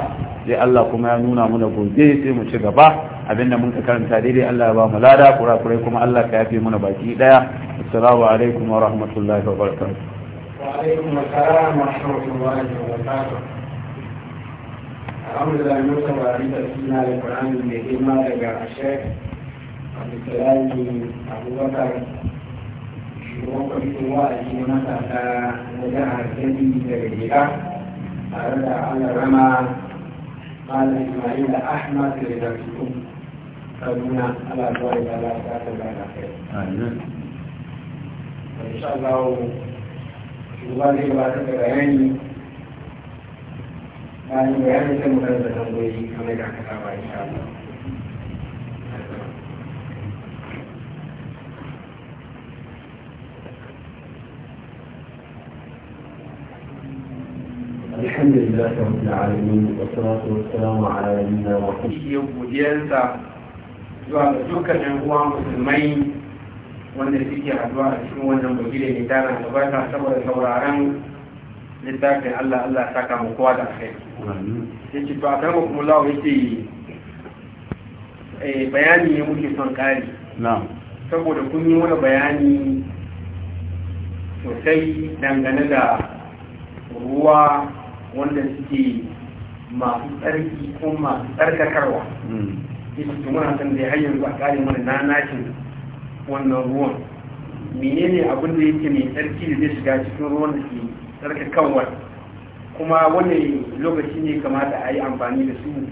B: لأن الله كما ينونا من بوديس مشغبا أبنى من أكرم تاديري الله أبا ملادا قرى قريكم الله كافي من باكيدا السلام عليكم ورحمة الله وبركاته
C: وعليكم السلام ورحمة الله وبركاته الحمد لله نوصل على رسالة سيدنا القرآن المهمة لقاء الشيخ Abdullahi Abubakar shugaban kwamitin wa'azi na matasa na jihar Kebbi daga Jega tare da Allah Rama Malam Ismail Ahmad da Zakitun Kaduna Allah zuwa da Allah ta ta da ta kai. Insha Allah shugaba zai gabatar da bayani bayan bayanin sai mu karanta tambayoyi kamar da aka saba insha Allah. الحمد لله رب العالمين والصلاة والسلام على نبينا محمد godiyansa zuwa duka dukkanin uwa musulmai wanda suke haduwa a cikin wannan bagire ne dana gabata saboda sauraron littafin Allah Allah saka mu kowa da kai yace to akan mu kuma lawo yake eh bayani ne muke son saboda kun yi wani bayani sosai dangane da ruwa wanda suke masu tsarki ko masu tsarkakarwa ke hmm. su muna san da hanyar zuwa kare mana na nakin wannan ruwan menene abin da yake mai tsarki da zai shiga cikin ruwan da ke tsarkakarwa kuma wani lokaci ne kamata a yi amfani da su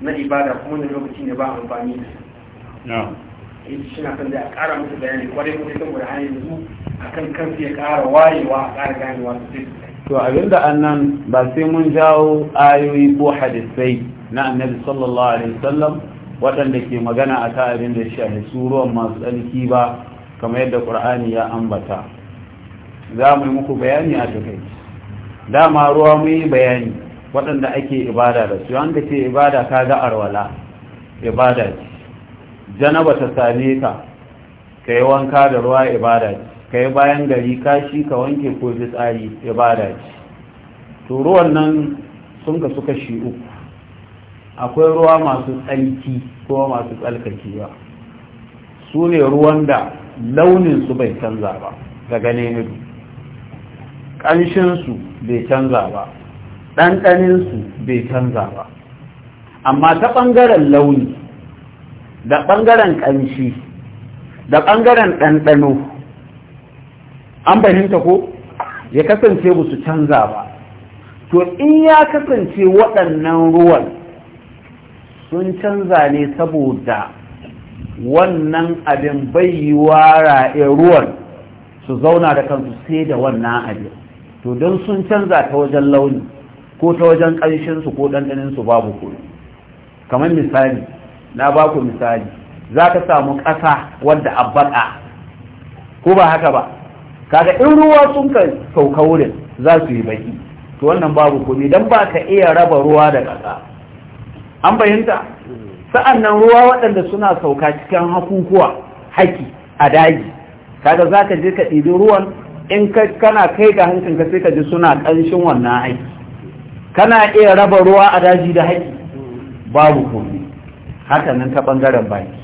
C: na ibada kuma wani lokaci ne ba amfani da su ita shi na san da a kara musu bayani kwarai kuma saboda hanyar su akan kan ya kara wayewa a kara ganewa sosai sosai
B: to abinda annan ba sai mun jawo ayoyi ko hadisai na annabi sallallahu alaihi wasallam waɗanda ke magana a ta abin da shahi suruwan masu tsarki ba kamar yadda ƙur'ani ya ambata za mu muku bayani a Da dama ruwa mu yi bayani waɗanda ake ibada da su wanda ke ibada ka ga arwala ibada ce janaba ta same ka ka yi wanka da ruwa ibada ce ka yi bayan gari kashi ka wanke ko fitsari ibada ce to ruwan nan sun ka suka shi uku akwai ruwa masu tsarki ko masu tsarkakewa su ne ruwan da launin su bai canza ba daga nemiru ƙanshinsu bai canza ba ɗanɗaninsu bai canza ba amma ta ɓangaren launi da ɓangaren ƙanshi da ɓangaren ɗanɗano an fahimta ko ya kasance ba su canza ba to in ya kasance waɗannan ruwan sun canza ne saboda wannan abin bayyuwa ra'e ruwan su zauna da kansu sai da wannan abin to don sun canza ta wajen launi ko ta wajen ƙanshinsu ko ɗanɗaninsu babu kuri kamar misali na baku misali za ka samu ƙasa wadda abbaɗa ko ba haka ba kaga in ruwa sun ka sauka wurin za su yi baki to wannan babu komai dan ba ka iya raba ruwa da ƙasa an fahimta sa'annan ruwa waɗanda suna sauka cikin hakukuwa haki a daji kaga za ka je ka ɗibi ruwan in ka kana kai ga ka sai ka ji suna ƙanshin wannan haki kana iya raba ruwa a daji da haki babu komai haka nan ta ɓangaren baki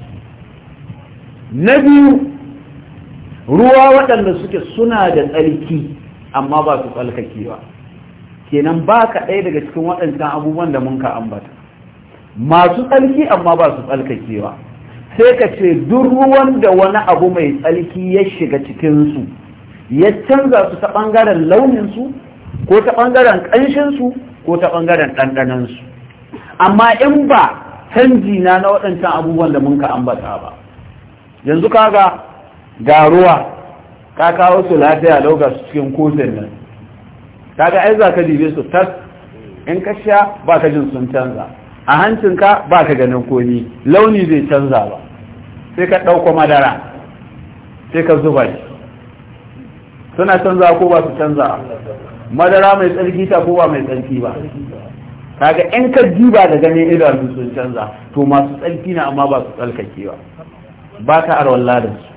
B: na biyu ruwa waɗanda suke suna da tsarki amma ba su ba kenan ba ka ɗaya daga cikin waɗancan abubuwan da mun ka ambata masu tsarki amma ba su ba sai ka ce duk ruwan da wani abu mai tsarki ya shiga cikinsu ya canza su ta ɓangaren launinsu ko ta ɓangaren ƙanshinsu ko ta ɓangaren ɗanɗanansu amma in ba canji na na waɗancan abubuwan da mun ka ambata ba yanzu kaga ga ruwa ka kawo su lafiya lauga su cikin kotun nan ta ga za ka dibe su tas in ka sha ba ka jin sun canza a hancinka ba ka ganin komi launi bai canza ba sai ka ɗauko madara sai ka zuba shi suna canza ko ba su canza madara mai tsarki ta ko ba mai tsarki ba kaga in ka diba da ganin idanu sun canza to masu tsarki na amma ba su tsarkake ba ba ka da su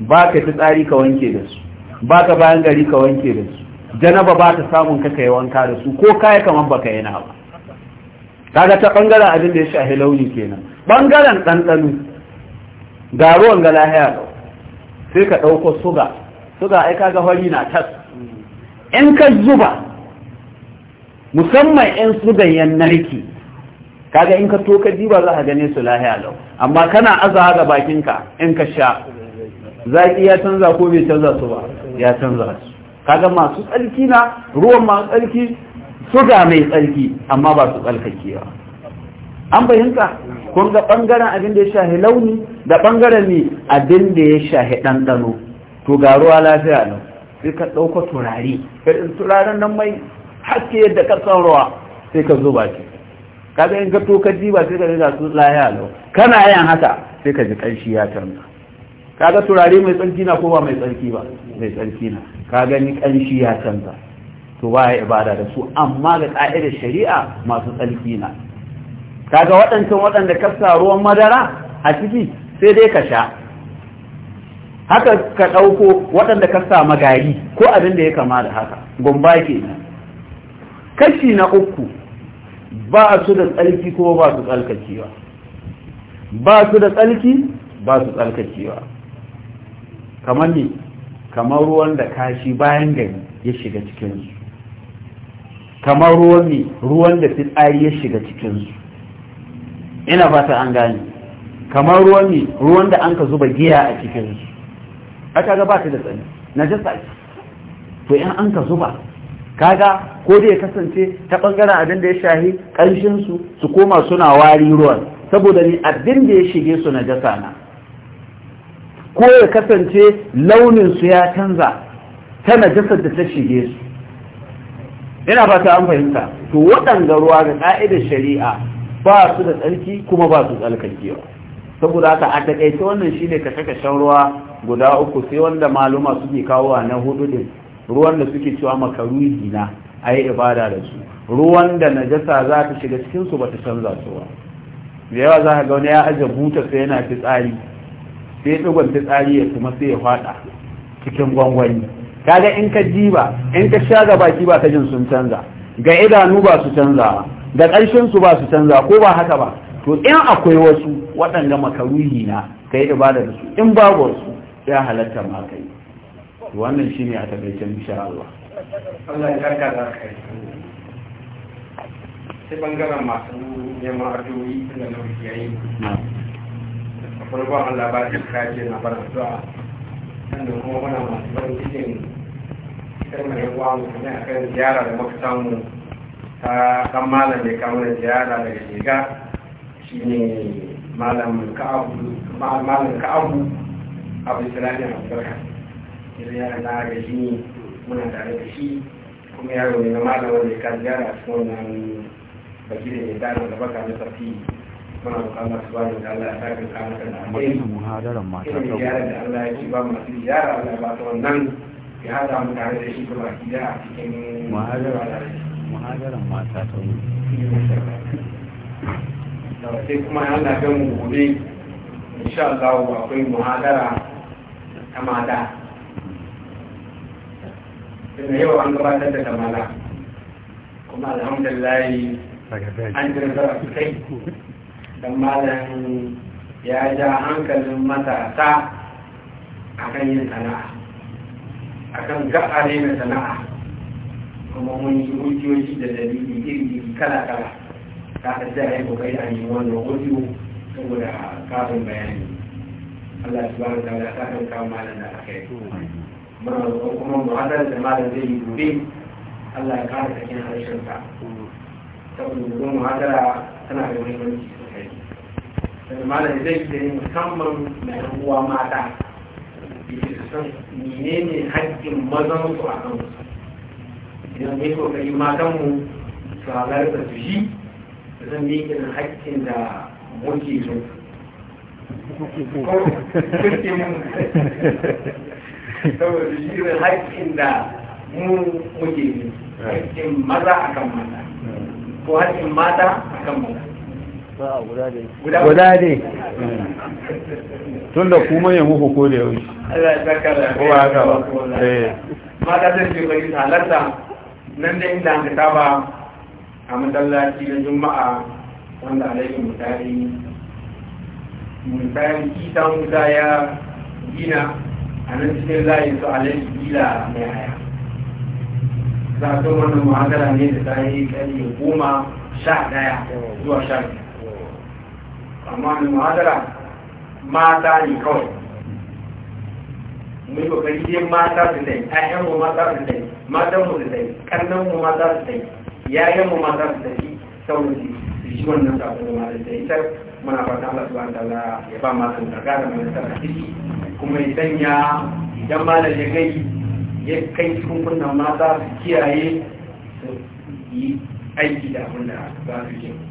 B: ba ka tsari ka wanke da su ba ka bayan gari ka wanke da su janaba ba ta samun ka kai wanka da su ko kaya kamar baka yi ba kaga ta bangaren abin da ya shahi launi kenan bangaren ɗanɗano ga ruwan ga lahiya sai ka ɗauko suga suga ai kaga hori na tas in ka zuba musamman in sugan yan narki kaga in ka to ka diba za ka gane su lahiya lau amma kana aza ga bakinka in ka sha Zaƙi ya canza ko bai canza su ba ya canza su kaga masu tsarki na ruwan masu tsarki suga mai tsarki amma ba su tsarkakewa an fahimta kun ga bangaren abin da ya shahi launi da bangaren ne abin da ya shahi ɗanɗano to ga ruwa lafiya nan sai ka ɗauka turare irin turaren nan mai haske yadda ka san ruwa sai ka zo baki kaga in ka to ka ji ba sai ka ga su lafiya nan kana yin haka sai ka ji ƙanshi ya canza kaga turare mai tsarki na ko ba mai tsarki ba mai tsarki na ka gani kanshi ya canza to ba ya ibada da su amma ga ƙa'idar shari'a masu tsarki na kaga waɗancan waɗanda ka ruwan madara a ciki sai dai ka sha haka ka ɗauko waɗanda ka magari ko abin da ya kama da haka gumba ke nan kashi na uku ba su da tsarki ko ba su tsarkakewa ba su da tsarki ba su tsarkakewa kamar ne kamar ruwan da kashi bayan gari ya shiga cikinsu kamar ruwan ne ruwan da fitsari ya shiga cikinsu ina fata an gane kamar ruwan ne ruwan da an ka zuba giya a cikinsu a kaga ba ta da tsani na jasa to in an ka zuba kaga ko da ya kasance ta bangaren abin da ya shahi ƙanshinsu su koma suna wari ruwan saboda ni abin da ya shige su na jasa na ko ya kasance launin su ya canza ta najasar da ta shige su ina ta an fahimta to waɗanda ruwa ga ƙa'idar shari'a ba su da tsarki kuma ba su ba saboda haka a taƙaice wannan shine kashe shan ruwa guda uku sai wanda maluma suke kawo a na hudu din ruwan da suke cewa makaruhi na a yi ibada da su ruwan da najasa za ta shiga cikinsu ba ta canza su ba da yawa za ka ga wani ya ajiye buta sai yana fitsari sai ta tsari ya kuma sai ya faɗa cikin gwangwani kaga in ka jiba in ka sha ga baki ba ka jin sun canza ga idanu ba su canza ga ƙarshen su ba su canza ko ba haka ba to in akwai wasu waɗanda makaruhi na ka yi ibada da su in babu wasu ya halatta ma ka yi wannan shine a taƙaicen bishar Allah
C: ya karka da kai sai bangaren masu neman arjiyoyi da nauyi yayin farko Allah ba shi kace na bar addu'a sannan kuma muna masu farin cikin kalmar yan uwa mu ne akan ziyara da muka samu ta kan malam da kawo da ziyara daga shiga shine malam Ka'abu malam Ka'abu Abu Sulaiman Abubakar ya na ga shi muna tare da shi kuma yaro ne na malam wanda ya ka ziyara a cikin wannan baki da ya dana da baka na tafi muna Allah su bada da Allah ya saka kanka da muhadaran mata da Allah ya ci ba masu ziyara Allah ba ta wannan ya mu tare da shi a cikin muhadaran mata ta kuma Allah ga mu gobe insha Allah akwai muhadara ta mata da yau an gabatar da kamala kuma alhamdulillah an jirgin don malamin ya ja hankalin matasa a kan yin sana'a a kan ga'are na sana'a kuma mun yi hujjoji da dalili iri kala-kala ta ta a yi kokari a yi wannan hujjo saboda kafin bayani Allah su bani da ta kan kawo malam da aka yi kuma roƙon kuma da malam zai yi gobe Allah ya kara sakin harshen sa saboda mu mu'adara tana da muhimmanci daga malam zai da ne musamman na ruwa mata yake su san menene haƙƙin mazan su a kan su idan ne kokari matan mu su halarta su shi su san me irin haƙƙin da muke so ko kuke saboda shi ne haƙƙin da mu muke haƙƙin maza kan mata ko haƙƙin mata kan mata. guda ne tun da kuma ya muku ko da yaushe kuma haka ba eh. mata zai ce bari halarta nan da inda an ta ba a matsalaci na juma'a wanda alaikin mutane mutane kitan wuta ya gina a nan cikin layin su alaikin gila mai haya za a so wannan muhazara ne da ta yi kari goma sha daya zuwa sha biyu amma mai muhadara mata ne kawai mu yi kokari dai mata su dai ƴaƴan mu mata su dai matan mu su dai karnan mu mata su dai yayan mu mata su dai sauran su ji wannan sako da mata da ita muna fata Allah subhanahu wa ta'ala ya ba mata da mai nasara ciki kuma ya sanya idan malam ya kai ya kai cikin kunnan mata su kiyaye su yi aiki da abin da za su yi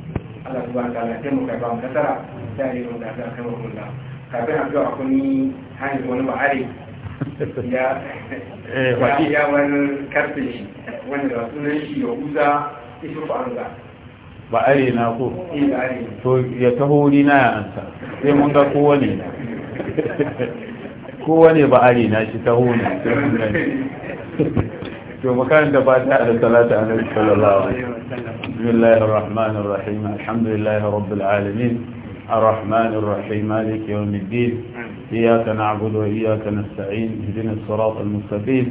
C: Ala subhanahu wa ta'ala sai mu kai ba mu nasara sai yi mu da ta kai mu Allah kafin a zuwa kuni hanyar wani ba'ari ya eh, ya wani karfe shi wanda da sunan shi ya huza isu fa'anza
B: ba'ari na ko eh, to ya taho ni na ya ansa sai mun ga kowane kowane ba'ari na shi taho ne مكان ده بعد اهل الثلاثه عن النبي صلى وسلم بسم الله الرحمن الرحيم الحمد لله رب العالمين الرحمن الرحيم مالك يوم الدين اياك نعبد واياك نستعين اهدنا الصراط المستقيم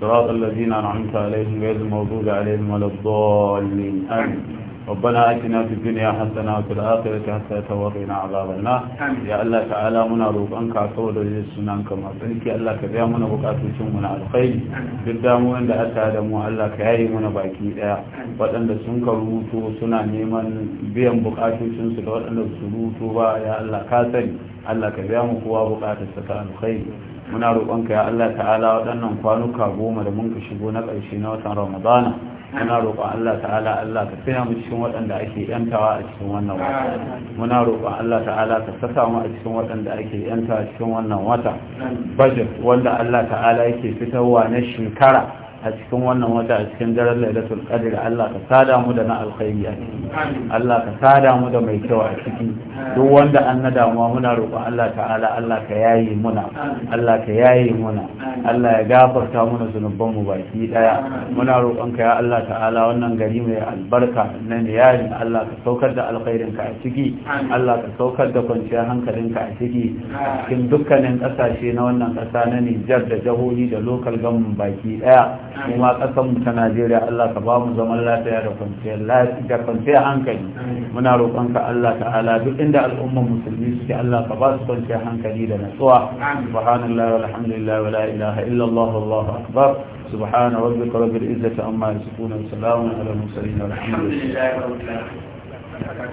B: صراط الذين انعمت عليهم غير المغضوب عليهم ولا الضالين ربنا آتنا في الدنيا حسنة وفي الآخرة حسنة وقنا عذاب النار يا الله تعالى منا روقنك عطول جسنان كما سنك يا الله كبيا منا بقات وشمنا الخير بالدامو عند أتادمو الله كهي منا باكي waɗanda sun karuto suna neman biyan bukatocinsu da waɗanda su ruto ba ya Allah ka sani Allah ka biya mu kowa bukatarsa ta muna roƙonka ya Allah ta'ala waɗannan kwanuka goma da mun ka shigo na ƙarshe na watan Ramadana muna roƙon Allah ta'ala Allah ka tsaya mu cikin waɗanda ake yantawa a cikin wannan wata muna roƙon Allah ta'ala ka saka mu a cikin waɗanda ake yantawa a cikin wannan wata budget wanda Allah ta'ala yake fitarwa na shekara a cikin wannan wata a cikin daren lailatul qadr Allah ka sada mu da na alkhairi a ciki Allah ka sada mu da mai kyau a ciki duk wanda an na damuwa muna roƙon Allah ta'ala Allah ka yaye muna Allah ka yaye muna Allah ya gafarta mana zunuban mu baki daya muna roƙon ka ya Allah ta'ala wannan gari mai albarka na niyari Allah ka saukar da alkhairin ka a ciki Allah ka saukar da kwanciyar hankalin ka a ciki cikin dukkanin kasashe na wannan kasa na Nijar da jahohi da lokal gama baki daya mu ma mu ta Najeriya Allah ka ba mu zaman lafiya da kwanciyar hankali muna roƙonka Allah ta'ala duk inda al'umman musulmi suke Allah ka ba su kwanciyar hankali da natsuwa subhanallahi walhamdulillahi wala ilaha illa Allah wallahu akbar سبحان ربك رب العزة عما يصفون وسلام على المرسلين والحمد
A: لله